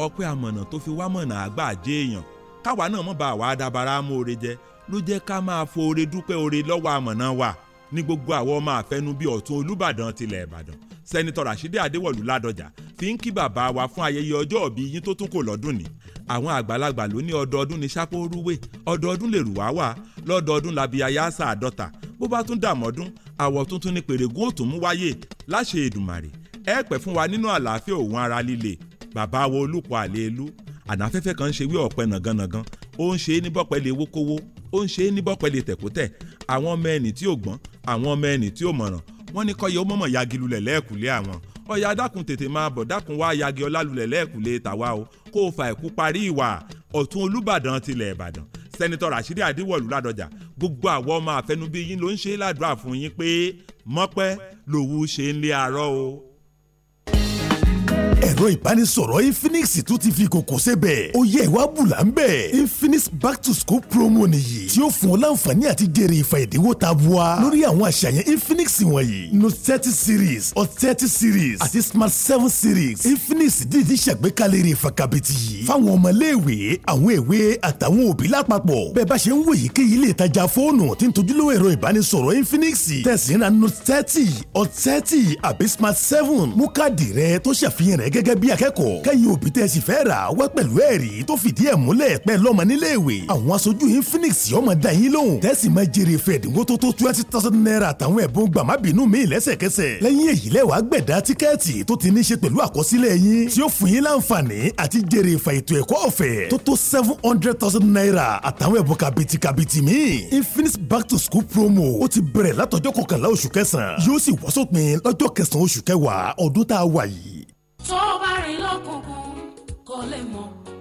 ọpẹ́ àmọ̀nà tó fi wá mọ̀nà àgbà jẹ́ èèyàn káwa náà mọ̀ bá àwa adabara mú oore jẹ ló jẹ́ ká máa fo oore dúpẹ́ oore lọ́wọ́ àmọ̀nà wa ní gbogbo àwọn ọmọ àfẹnú bíi ọ̀tún olùbàdàn tilẹ̀ ìbàdàn sẹ́nitọ́ rashidi adéwọ̀lú ládọjà fi ń kí bàbá wa fún ayẹyẹ ọjọ́ òbí yín tó tún kò lọ́dún ni àwọn àgbàlagbà ló ní ọdọọdún ní sápó rúwé ọdọọdún lè rù wá wà lọ́dọọdún làbí ayáṣà àdọ́ta bó bá tún dàmọ́dún àwọ̀ tuntun ni pèrègùn òtún mú wáyé láṣẹ èdùmàrè ẹ pẹ́ fún wa nínú àlàáfíà òun ara líle bàbá wo olùpọ̀ àléélú ànáfẹ́fẹ́ kan ń ṣe wí ọ̀pẹ nàgannàgan ó ń ṣe é ní bọ́pẹ́ lè wókówó ó ń ṣe é ní bọ́pẹ́ lè tẹ̀kótẹ̀ àwọn ọmọ ẹni tí ò gbọ́n àwọn ọmọ ẹni tí ò mọ̀ràn wọ́n ní kọ́yẹ ó mọ̀mọ̀ yagi lulẹ̀ lẹ́ẹ̀kúlé àwọn ọ̀yà dákun tètè máa bọ̀ dákun wá yagi ọlá lulẹ̀ lẹ́ẹ̀kúlé tàwa o kó o fa ẹ̀kú parí ìwà ọ̀tún olúbàdàn tilẹ̀ ìbàdàn sẹ́nitọ́ rashidi adiwọ̀lú ládọjà gbogbo àwọn ọmọ àfẹnubí yín ló ń ṣe é ládùúrà fún yín pé mọ́pẹ́ lòwú ṣe ń lé arọ́ o ẹ̀rọ ìbánisọ̀rọ̀ infinix tún ti fi kòkò sẹ́bẹ̀ ó yẹ ìwà bùlà ń bẹ̀ infinix back to school promo nìyí tí ó fún ọ láǹfààní àti jèrè ìfà ìdínwó ta bua lórí àwọn àṣàyàn infinix wọ̀nyí note thirty series or thirty series àti smart seven series infinix dídí ṣàgbékalẹ̀ rẹ̀ fàkàbìtì yìí fáwọn ọmọléèwé àwọn èwe àtàwọn òbí lápapọ̀ bẹ́ẹ̀ bá ṣe ń wò yìí kéyìí lè tajà fóònù tí ń tojúlówó ẹ̀rọ ìbánisọ̀rọ̀ infinix tẹ̀sí ra note thirty or thirty àbí smart seven mú káàdì rẹ tó ṣàfihàn rẹ gẹ́gẹ́ gẹ́gẹ́ bí akẹ́kọ̀ọ́ kẹ́yìn òbí tẹ́ ẹ sì fẹ́ rà wá pẹ̀lú ẹ̀rí tó fìdí ẹ̀ múlẹ̀ pẹ́ lọ́mọ nílé àwọn aṣojú Infinix ọmọ dá yín lóhùn tẹ́sí máa jèrè fẹ́ ẹ̀dínwó tó tó twenty thousand naira àtàwọn ẹ̀bùn gbàmábìínú mi lẹ́sẹ̀kẹsẹ̀ lẹ́yìn èyí lẹ́wàá gbẹ̀dá tíkẹ́ẹ̀tì tó ti ní ṣe pẹ̀lú àkọsílẹ̀ yín tí ó fún yín láǹfààní àti jèrè ìfà ètò ẹ̀kọ́ ọ̀fẹ́ tó tó seven hundred thousand naira àtàwọn ẹ̀bùn kàbìtì kàbìtì mi Infinix back to school promo ó ti bẹ̀rẹ̀ látọjọ́ kọkànlá oṣù kẹsàn-án yóò sì wọ́sọ̀pin lọ́jọ́ kẹsàn-án oṣù kẹwàá ọdún tá a wà yìí tó bá rìn lọ́kùnkùn kò lè mọ̀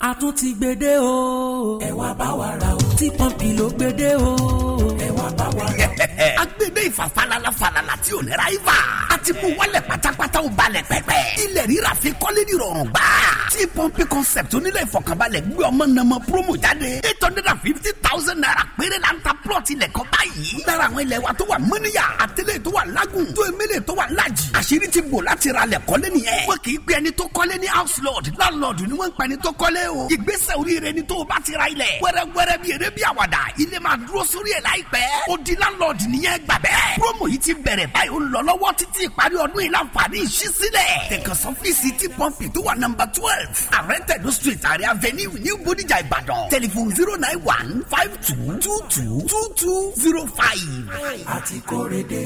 a tún ti gbede o. ẹ wá bá wa ra o. ti pọ́ǹpì ló gbede o bàbá wa rà. agbede ìfàfàlàlà falala tí ò ní ra ibà. a ti mú wálẹ̀ pátápátá ó balẹ̀ pẹ́pẹ́. ilẹ̀ rírà fi kọ́lé ní rọrùn gbà. tí pọ́ńpì concept onílẹ̀ ìfọ̀kànbalẹ̀ gbé ọmọ nàmọ promo jáde. eight hundred and fifty thousand naira péré la ń ta plot ilẹ̀ kan báyìí. lára àwọn ilẹ̀ wa tó wà mọ́níyà àtẹlẹ́ tó wà lágùn tó emele tó wà lájì. àṣírí ti bò láti ra lẹ̀ kọ́lé nìyẹn. wọ́n kì í pe ẹni tó kọ́lé ní house lord landlord ni wọ́n ń pa ẹni tó kọ́lé o. ìgbésẹ̀ oríire ni tó o bá ti ra ilẹ̀. wẹ́rẹ́wẹ́rẹ́ bí eré bí àwàdà ilé máa dúró sórí ẹ̀ láìpẹ́ ó landlord nìyẹn gbà bẹ́ẹ̀. promo yìí ti bẹ̀rẹ̀ báyìí ó ń lọ lọ́wọ́ títí ìparí ọdún yìí láǹfààní ìṣí sílẹ̀. tẹ̀kọ̀sán fíìsì tí pọ́ǹpì tó wà nọ́mbà twelve àrẹ́tẹ̀dó street àrẹ avenue new bodijà ìbàdàn tẹlifon zero nine one five two two two two two zero five. àti kórede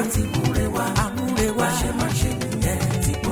àti kórewa àmúrewa àṣemáṣe